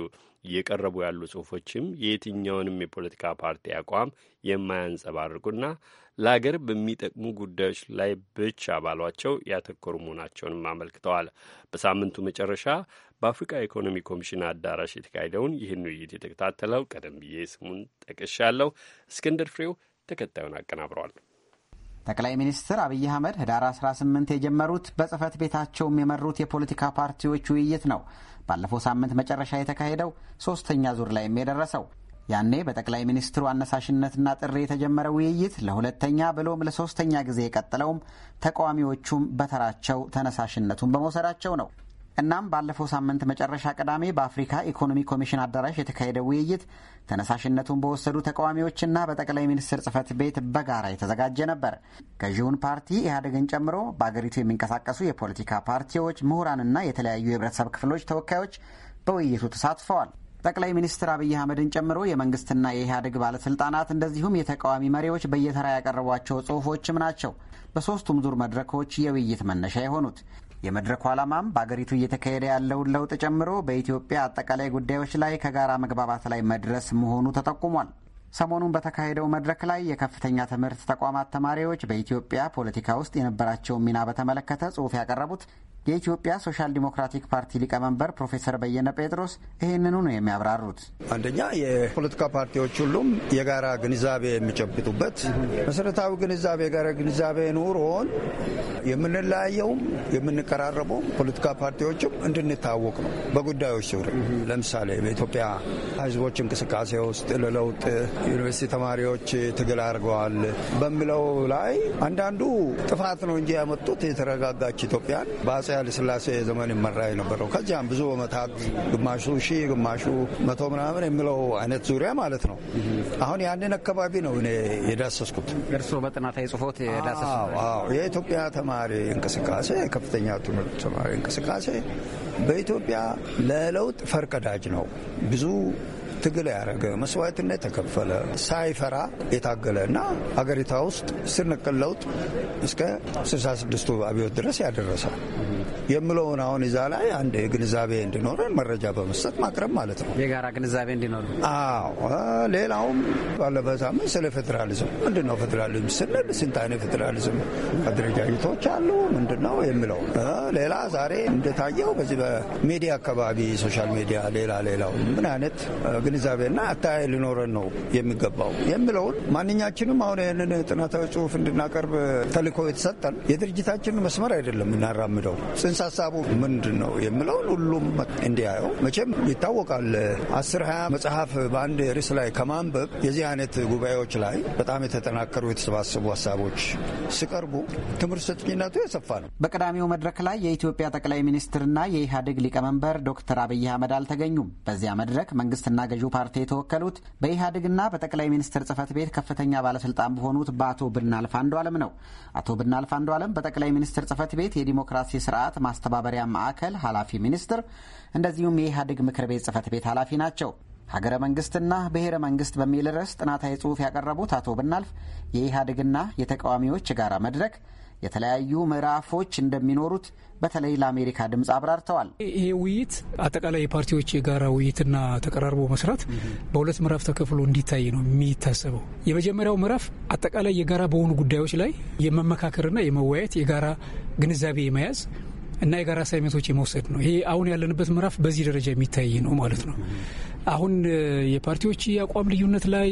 እየቀረቡ ያሉ ጽሁፎችም የየትኛውንም የፖለቲካ ፓርቲ አቋም የማያንጸባርቁና ለአገር በሚጠቅሙ ጉዳዮች ላይ ብቻ ባሏቸው ያተኮሩ መሆናቸውንም አመልክተዋል። በሳምንቱ መጨረሻ በአፍሪካ ኢኮኖሚ ኮሚሽን አዳራሽ የተካሄደውን ይህን ውይይት የተከታተለው ቀደም ብዬ ስሙን ጠቅሻለሁ። እስክንድር ፍሬው ተከታዩን አቀናብረዋል። ጠቅላይ ሚኒስትር አብይ አህመድ ህዳር 18 የጀመሩት በጽህፈት ቤታቸውም የመሩት የፖለቲካ ፓርቲዎች ውይይት ነው። ባለፈው ሳምንት መጨረሻ የተካሄደው ሶስተኛ ዙር ላይም የደረሰው ያኔ በጠቅላይ ሚኒስትሩ አነሳሽነትና ጥሪ የተጀመረ ውይይት ለሁለተኛ ብሎም ለሶስተኛ ጊዜ የቀጠለውም ተቃዋሚዎቹም በተራቸው ተነሳሽነቱን በመውሰዳቸው ነው። እናም ባለፈው ሳምንት መጨረሻ ቅዳሜ በአፍሪካ ኢኮኖሚ ኮሚሽን አዳራሽ የተካሄደ ውይይት ተነሳሽነቱን በወሰዱ ተቃዋሚዎችና በጠቅላይ ሚኒስትር ጽህፈት ቤት በጋራ የተዘጋጀ ነበር። ገዢውን ፓርቲ ኢህአዴግን ጨምሮ በአገሪቱ የሚንቀሳቀሱ የፖለቲካ ፓርቲዎች፣ ምሁራንና የተለያዩ የህብረተሰብ ክፍሎች ተወካዮች በውይይቱ ተሳትፈዋል። ጠቅላይ ሚኒስትር አብይ አህመድን ጨምሮ የመንግስትና የኢህአዴግ ባለስልጣናት እንደዚሁም የተቃዋሚ መሪዎች በየተራ ያቀረቧቸው ጽሁፎችም ናቸው በሦስቱም ዙር መድረኮች የውይይት መነሻ የሆኑት። የመድረኩ ዓላማም በአገሪቱ እየተካሄደ ያለውን ለውጥ ጨምሮ በኢትዮጵያ አጠቃላይ ጉዳዮች ላይ ከጋራ መግባባት ላይ መድረስ መሆኑ ተጠቁሟል። ሰሞኑን በተካሄደው መድረክ ላይ የከፍተኛ ትምህርት ተቋማት ተማሪዎች በኢትዮጵያ ፖለቲካ ውስጥ የነበራቸውን ሚና በተመለከተ ጽሑፍ ያቀረቡት የኢትዮጵያ ሶሻል ዲሞክራቲክ ፓርቲ ሊቀመንበር ፕሮፌሰር በየነ ጴጥሮስ ይህንኑ ነው የሚያብራሩት። አንደኛ የፖለቲካ ፓርቲዎች ሁሉም የጋራ ግንዛቤ የሚጨብጡበት መሰረታዊ ግንዛቤ የጋራ ግንዛቤ ኑሮን የምንለያየውም የምንቀራረበው ፖለቲካ ፓርቲዎችም እንድንታወቅ ነው። በጉዳዮች ዙሪያ ለምሳሌ በኢትዮጵያ ሕዝቦች እንቅስቃሴ ውስጥ ለለውጥ ዩኒቨርሲቲ ተማሪዎች ትግል አድርገዋል በሚለው ላይ አንዳንዱ ጥፋት ነው እንጂ ያመጡት የተረጋጋች ኢትዮጵያን በአጼ ኃይለስላሴ ዘመን ይመራ የነበረው ከዚያም ብዙ ዓመታት ግማሹ ሺህ ግማሹ መቶ ምናምን የሚለው አይነት ዙሪያ ማለት ነው። አሁን ያንን አካባቢ ነው እኔ የዳሰስኩት። እርስዎ በጥናታዊ ጽሁፎት የዳሰሱት የኢትዮጵያ ተማሪ እንቅስቃሴ ከፍተኛ ትምህርት ተማሪ እንቅስቃሴ በኢትዮጵያ ለለውጥ ፈርቀዳጅ ነው። ብዙ ትግል ያደረገ መስዋዕትነት የተከፈለ ሳይፈራ የታገለ እና ሀገሪቷ ውስጥ ስር ነቀል ለውጥ እስከ 66ቱ አብዮት ድረስ ያደረሰ የምለውን አሁን ይዛ ላይ አንድ ግንዛቤ እንዲኖረን መረጃ በመስጠት ማቅረብ ማለት ነው። የጋራ ግንዛቤ እንዲኖረ። አዎ ሌላውም ባለፈ ሳምንት ስለ ፌዴራሊዝም ምንድን ነው ፌዴራሊዝም ስንል ስንት አይነት ፌዴራሊዝም አደረጃጀቶች አሉ ምንድን ነው ሌላ ዛሬ እንደታየው በዚህ በሚዲያ አካባቢ ሶሻል ሚዲያ ሌላ ሌላው ምን አይነት ግንዛቤና አተያይ ሊኖረን ነው የሚገባው የሚለውን ማንኛችንም አሁን ይህንን ጥናታዊ ጽሁፍ እንድናቀርብ ተልእኮ የተሰጠን የድርጅታችንን መስመር አይደለም እናራምደው ጽንሰ ሀሳቡ ምንድን ነው የምለውን ሁሉም እንዲያየው መቼም ይታወቃል። አስር ሀያ መጽሐፍ በአንድ ርዕስ ላይ ከማንበብ የዚህ አይነት ጉባኤዎች ላይ በጣም የተጠናከሩ የተሰባሰቡ ሀሳቦች ሲቀርቡ ትምህርት ሰጥኝነቱ የሰፋ ነው። በቀዳሚው መድረክ ላይ የኢትዮጵያ ጠቅላይ ሚኒስትርና የኢህአዴግ ሊቀመንበር ዶክተር አብይ አህመድ አልተገኙም። በዚያ መድረክ መንግስትና ገዢው ፓርቲ የተወከሉት በኢህአዴግና በጠቅላይ ሚኒስትር ጽህፈት ቤት ከፍተኛ ባለስልጣን በሆኑት በአቶ ብናልፍ አንዱ አለም ነው። አቶ ብናልፍ አንዱ አለም በጠቅላይ ሚኒስትር ጽህፈት ቤት የዲሞክራሲ ስርዓት ማስተባበሪያ ማዕከል ኃላፊ ሚኒስትር እንደዚሁም የኢህአዴግ ምክር ቤት ጽህፈት ቤት ኃላፊ ናቸው። ሀገረ መንግስትና ብሔረ መንግስት በሚል ርዕስ ጥናታዊ ጽሑፍ ያቀረቡት አቶ ብናልፍ የኢህአዴግና የተቃዋሚዎች የጋራ መድረክ የተለያዩ ምዕራፎች እንደሚኖሩት በተለይ ለአሜሪካ ድምፅ አብራርተዋል። ይሄ ውይይት አጠቃላይ የፓርቲዎች የጋራ ውይይትና ተቀራርቦ መስራት በሁለት ምዕራፍ ተከፍሎ እንዲታይ ነው የሚታሰበው። የመጀመሪያው ምዕራፍ አጠቃላይ የጋራ በሆኑ ጉዳዮች ላይ የመመካከርና የመወያየት የጋራ ግንዛቤ የመያዝ እና የጋራ አሳይመንቶች የመውሰድ ነው። ይሄ አሁን ያለንበት ምዕራፍ በዚህ ደረጃ የሚታይ ነው ማለት ነው። አሁን የፓርቲዎች የአቋም ልዩነት ላይ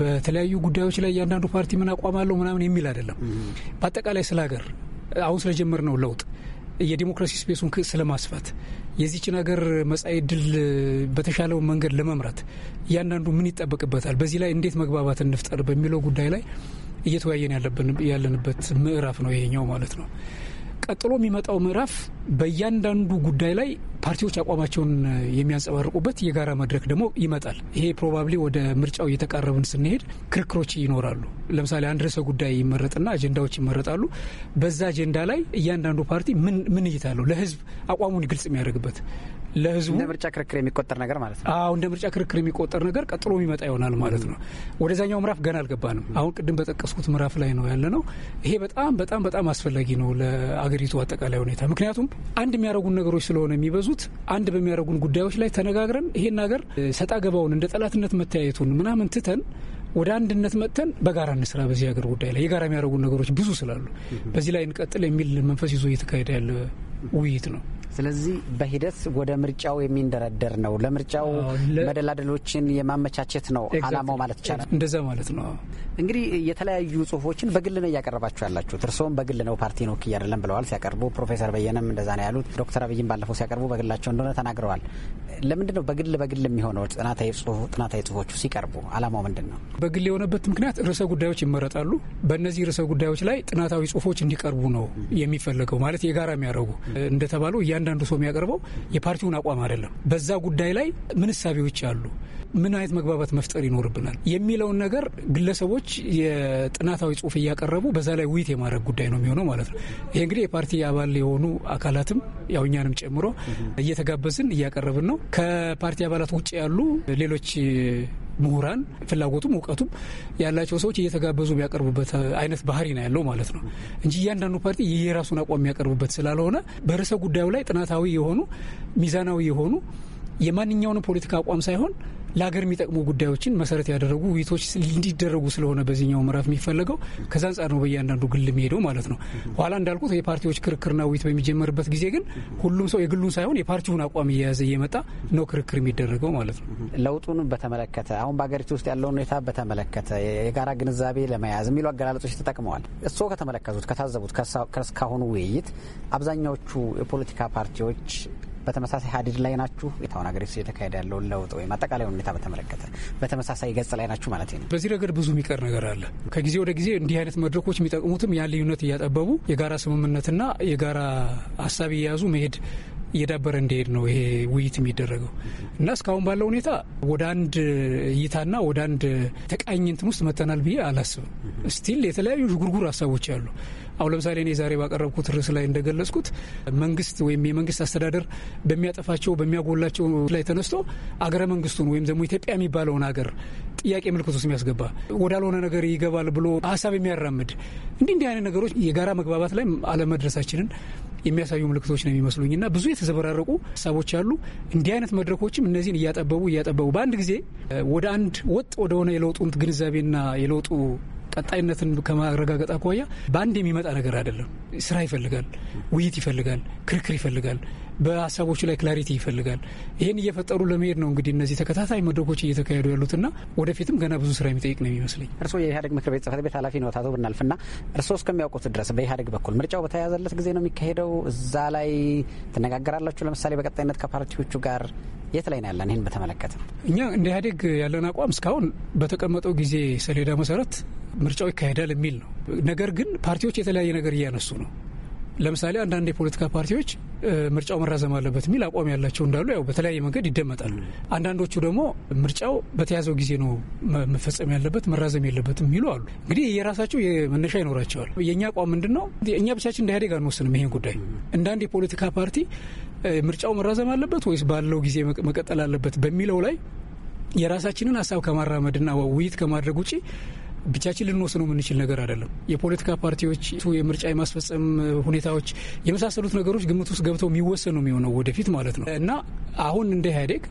በተለያዩ ጉዳዮች ላይ እያንዳንዱ ፓርቲ ምን አቋም አለው ምናምን የሚል አይደለም። በአጠቃላይ ስለ ሀገር አሁን ስለጀመር ነው ለውጥ የዲሞክራሲ ስፔሱን ስለማስፋት የዚችን ሀገር መጻኢ ዕድል በተሻለው መንገድ ለመምራት እያንዳንዱ ምን ይጠበቅበታል፣ በዚህ ላይ እንዴት መግባባት እንፍጠር በሚለው ጉዳይ ላይ እየተወያየን ያለንበት ምዕራፍ ነው ይሄኛው ማለት ነው። ቀጥሎ የሚመጣው ምዕራፍ በእያንዳንዱ ጉዳይ ላይ ፓርቲዎች አቋማቸውን የሚያንጸባርቁበት የጋራ መድረክ ደግሞ ይመጣል። ይሄ ፕሮባብሊ ወደ ምርጫው እየተቃረብን ስንሄድ ክርክሮች ይኖራሉ። ለምሳሌ አንድ ርዕሰ ጉዳይ ይመረጥና አጀንዳዎች ይመረጣሉ። በዛ አጀንዳ ላይ እያንዳንዱ ፓርቲ ምን ምን እይታለሁ ለህዝብ አቋሙን ግልጽ የሚያደርግበት ለህዝቡ እንደ ምርጫ ክርክር የሚቆጠር ነገር ማለት ነው። አዎ እንደ ምርጫ ክርክር የሚቆጠር ነገር ቀጥሎ የሚመጣ ይሆናል ማለት ነው። ወደዛኛው ምዕራፍ ገና አልገባንም። አሁን ቅድም በጠቀስኩት ምዕራፍ ላይ ነው ያለ ነው። ይሄ በጣም በጣም በጣም አስፈላጊ ነው ለአገሪቱ አጠቃላይ ሁኔታ። ምክንያቱም አንድ የሚያደረጉን ነገሮች ስለሆነ የሚበዙት አንድ በሚያደረጉን ጉዳዮች ላይ ተነጋግረን ይሄን ሀገር ሰጣ ገባውን እንደ ጠላትነት መተያየቱን ምናምን ትተን ወደ አንድነት መጥተን በጋራ እንስራ። በዚህ ሀገር ጉዳይ ላይ የጋራ የሚያደረጉን ነገሮች ብዙ ስላሉ በዚህ ላይ እንቀጥል የሚል መንፈስ ይዞ እየተካሄደ ያለ ውይይት ነው። ስለዚህ በሂደት ወደ ምርጫው የሚንደረደር ነው። ለምርጫው መደላደሎችን የማመቻቸት ነው አላማው ማለት ይቻላል። እንደዛ ማለት ነው። እንግዲህ የተለያዩ ጽሁፎችን በግል ነው እያቀረባችሁ ያላችሁት። እርስዎም በግል ነው ፓርቲ ነው ክያደለን ብለዋል ሲያቀርቡ። ፕሮፌሰር በየነም እንደዛ ነው ያሉት። ዶክተር አብይም ባለፈው ሲያቀርቡ በግላቸው እንደሆነ ተናግረዋል። ለምንድን ነው በግል በግል የሚሆነው? ጥናታዊ ጥናታዊ ጽሁፎቹ ሲቀርቡ አላማው ምንድን ነው? በግል የሆነበት ምክንያት ርዕሰ ጉዳዮች ይመረጣሉ። በእነዚህ ርዕሰ ጉዳዮች ላይ ጥናታዊ ጽሁፎች እንዲቀርቡ ነው የሚፈለገው። ማለት የጋራ የሚያደርጉ እንደተባለው እያንዳንዱ ሰው የሚያቀርበው የፓርቲውን አቋም አይደለም። በዛ ጉዳይ ላይ ምንሳቤዎች አሉ ምን አይነት መግባባት መፍጠር ይኖርብናል የሚለውን ነገር ግለሰቦች የጥናታዊ ጽሁፍ እያቀረቡ በዛ ላይ ውይይት የማድረግ ጉዳይ ነው የሚሆነው ማለት ነው። ይህ እንግዲህ የፓርቲ አባል የሆኑ አካላትም ያው እኛንም ጨምሮ እየተጋበዝን እያቀረብን ነው። ከፓርቲ አባላት ውጭ ያሉ ሌሎች ምሁራን ፍላጎቱም እውቀቱም ያላቸው ሰዎች እየተጋበዙ የሚያቀርቡበት አይነት ባህሪ ነው ያለው ማለት ነው እንጂ እያንዳንዱ ፓርቲ የራሱን አቋም የሚያቀርቡበት ስላልሆነ በርዕሰ ጉዳዩ ላይ ጥናታዊ የሆኑ ሚዛናዊ የሆኑ የማንኛውንም ፖለቲካ አቋም ሳይሆን ለሀገር የሚጠቅሙ ጉዳዮችን መሰረት ያደረጉ ውይይቶች እንዲደረጉ ስለሆነ በዚህኛው ምዕራፍ የሚፈለገው ከዛ አንጻር ነው በእያንዳንዱ ግል የሚሄደው ማለት ነው። ኋላ እንዳልኩት የፓርቲዎች ክርክርና ውይይት በሚጀመርበት ጊዜ ግን ሁሉም ሰው የግሉን ሳይሆን የፓርቲውን አቋም እየያዘ እየመጣ ነው ክርክር የሚደረገው ማለት ነው። ለውጡን በተመለከተ አሁን በሀገሪቱ ውስጥ ያለውን ሁኔታ በተመለከተ የጋራ ግንዛቤ ለመያዝ የሚሉ አገላለጦች ተጠቅመዋል። እርስዎ ከተመለከቱት ከታዘቡት ከእስካሁኑ ውይይት አብዛኛዎቹ የፖለቲካ ፓርቲዎች በተመሳሳይ ሀዲድ ላይ ናችሁ የታሁን ሀገር እየተካሄደ ያለውን ለውጥ ወይም አጠቃላይ ሁኔታ በተመለከተ በተመሳሳይ ገጽ ላይ ናችሁ ማለት ነው። በዚህ ረገድ ብዙ የሚቀር ነገር አለ። ከጊዜ ወደ ጊዜ እንዲህ አይነት መድረኮች የሚጠቅሙትም ያን ልዩነት እያጠበቡ የጋራ ስምምነትና የጋራ ሀሳብ እየያዙ መሄድ እየዳበረ እንዲሄድ ነው ይሄ ውይይት የሚደረገው እና እስካሁን ባለው ሁኔታ ወደ አንድ እይታና ወደ አንድ ተቃኝ እንትን ውስጥ መተናል ብዬ አላስብም። ስቲል የተለያዩ ጉርጉር ሀሳቦች አሉ። አሁን ለምሳሌ እኔ ዛሬ ባቀረብኩት ርዕስ ላይ እንደገለጽኩት መንግስት ወይም የመንግስት አስተዳደር በሚያጠፋቸው በሚያጎላቸው ላይ ተነስቶ አገረ መንግስቱን ወይም ደግሞ ኢትዮጵያ የሚባለውን አገር ጥያቄ ምልክት ውስጥ የሚያስገባ ወዳልሆነ ነገር ይገባል ብሎ ሀሳብ የሚያራምድ እንዲህ እንዲህ አይነት ነገሮች የጋራ መግባባት ላይ አለመድረሳችንን የሚያሳዩ ምልክቶች ነው የሚመስሉኝ እና ብዙ የተዘበራረቁ ሀሳቦች አሉ። እንዲህ አይነት መድረኮችም እነዚህን እያጠበቡ እያጠበቡ በአንድ ጊዜ ወደ አንድ ወጥ ወደሆነ የለውጡን ግንዛቤና የለውጡ ቀጣይነትን ከማረጋገጥ አኳያ በአንድ የሚመጣ ነገር አይደለም። ስራ ይፈልጋል፣ ውይይት ይፈልጋል፣ ክርክር ይፈልጋል፣ በሀሳቦች ላይ ክላሪቲ ይፈልጋል። ይህን እየፈጠሩ ለመሄድ ነው እንግዲህ እነዚህ ተከታታይ መድረኮች እየተካሄዱ ያሉትና ወደፊትም ገና ብዙ ስራ የሚጠይቅ ነው የሚመስለኝ። እርስዎ የኢህአዴግ ምክር ቤት ጽህፈት ቤት ኃላፊ ነው አቶ ብናልፍና እርስዎ እስከሚያውቁት ድረስ በኢህአዴግ በኩል ምርጫው በተያያዘለት ጊዜ ነው የሚካሄደው። እዛ ላይ ትነጋገራላችሁ? ለምሳሌ በቀጣይነት ከፓርቲዎቹ ጋር የት ላይ ነው ያለን? ይህን በተመለከተ እኛ እንደ ኢህአዴግ ያለን አቋም እስካሁን በተቀመጠው ጊዜ ሰሌዳ መሰረት ምርጫው ይካሄዳል የሚል ነው። ነገር ግን ፓርቲዎች የተለያየ ነገር እያነሱ ነው። ለምሳሌ አንዳንድ የፖለቲካ ፓርቲዎች ምርጫው መራዘም አለበት የሚል አቋም ያላቸው እንዳሉ ያው በተለያየ መንገድ ይደመጣል። አንዳንዶቹ ደግሞ ምርጫው በተያዘው ጊዜ ነው መፈጸም ያለበት መራዘም የለበትም የሚሉ አሉ። እንግዲህ የራሳቸው መነሻ ይኖራቸዋል። የእኛ አቋም ምንድን ነው? እኛ ብቻችን እንደ ኢህአዴግ አንወስንም። ይሄን ጉዳይ እንዳንድ የፖለቲካ ፓርቲ ምርጫው መራዘም አለበት ወይስ ባለው ጊዜ መቀጠል አለበት በሚለው ላይ የራሳችንን ሀሳብ ከማራመድና ውይይት ከማድረግ ውጪ ብቻችን ልንወስነው የምንችል ነገር አይደለም። የፖለቲካ ፓርቲዎች የምርጫ የማስፈጸም ሁኔታዎች የመሳሰሉት ነገሮች ግምት ውስጥ ገብተው የሚወሰኑ የሚሆነው ወደፊት ማለት ነው እና አሁን እንደ ኢህአዴግ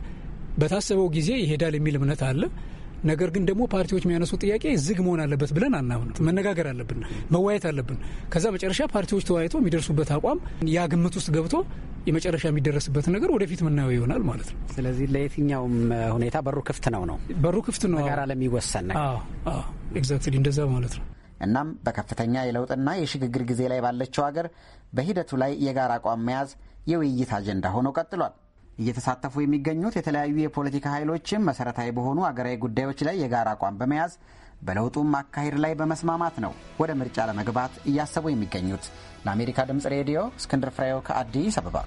በታሰበው ጊዜ ይሄዳል የሚል እምነት አለ። ነገር ግን ደግሞ ፓርቲዎች የሚያነሱ ጥያቄ ዝግ መሆን አለበት ብለን አናምን። መነጋገር አለብን፣ መዋየት አለብን። ከዛ መጨረሻ ፓርቲዎች ተወያይቶ የሚደርሱበት አቋም ያ ግምት ውስጥ ገብቶ የመጨረሻ የሚደረስበት ነገር ወደፊት ምናየው ይሆናል ማለት ነው። ስለዚህ ለየትኛውም ሁኔታ በሩ ክፍት ነው ነው በሩ ክፍት ነው ጋር ለሚወሰን ነገር ኤግዛክትሊ እንደዛ ማለት ነው። እናም በከፍተኛ የለውጥና የሽግግር ጊዜ ላይ ባለችው ሀገር በሂደቱ ላይ የጋራ አቋም መያዝ የውይይት አጀንዳ ሆኖ ቀጥሏል። እየተሳተፉ የሚገኙት የተለያዩ የፖለቲካ ኃይሎችም መሰረታዊ በሆኑ አገራዊ ጉዳዮች ላይ የጋራ አቋም በመያዝ በለውጡም አካሄድ ላይ በመስማማት ነው ወደ ምርጫ ለመግባት እያሰቡ የሚገኙት። ለአሜሪካ ድምፅ ሬዲዮ እስክንድር ፍሬው ከአዲስ አበባ።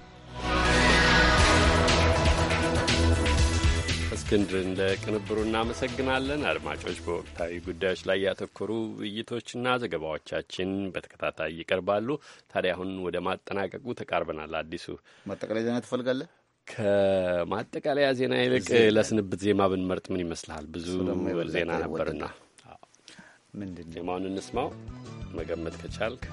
እስክንድርን ለቅንብሩ እናመሰግናለን። አድማጮች፣ በወቅታዊ ጉዳዮች ላይ ያተኮሩ ውይይቶችና ዘገባዎቻችን በተከታታይ ይቀርባሉ። ታዲያ አሁን ወደ ማጠናቀቁ ተቃርበናል። አዲሱ ማጠቃለያ ዜና ትፈልጋለህ? ከማጠቃለያ ዜና ይልቅ ለስንብት ዜማ ብንመርጥ ምን ይመስልሃል? ብዙ ዜና ነበርና ዜማውን እንስማው፣ መገመት ከቻልክ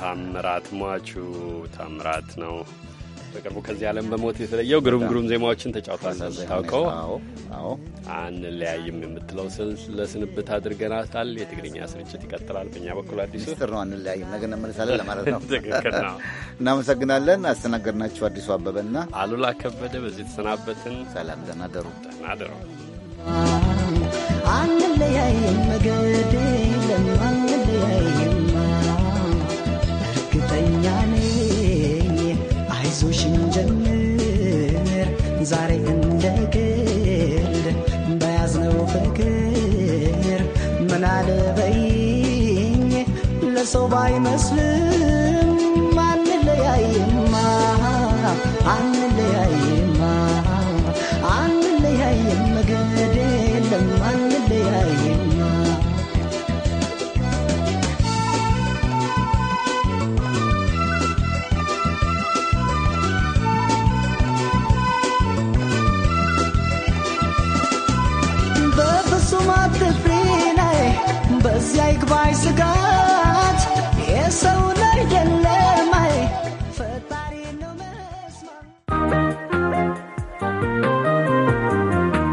ታምራት ሟቹ ታምራት ነው። በቅርቡ ከዚህ ዓለም በሞት የተለየው ግሩም ግሩም ዜማዎችን ተጫውቷል። ታውቀው አንለያይም የምትለው ስልት ለስንብት አድርገናታል። የትግርኛ ስርጭት ይቀጥላል። በእኛ በኩል አዲሱ ሚስጥር ነው። አንለያይም ነገ እንመለሳለን ለማለት ነው። ትክክል ነው። እናመሰግናለን። አስተናገድናችሁ አዲሱ አበበና አሉላ ከበደ በዚህ የተሰናበትን። ሰላም ደናደሩ ደናደሩ አንለያይም መገወዴ ለማ ከራስሽን ጀምር ዛሬ እንደ ቀልድ በያዝነው ፍቅር ምናለበኝ ለሰው ባይመስል አግባይ ስጋት የሰው ላይ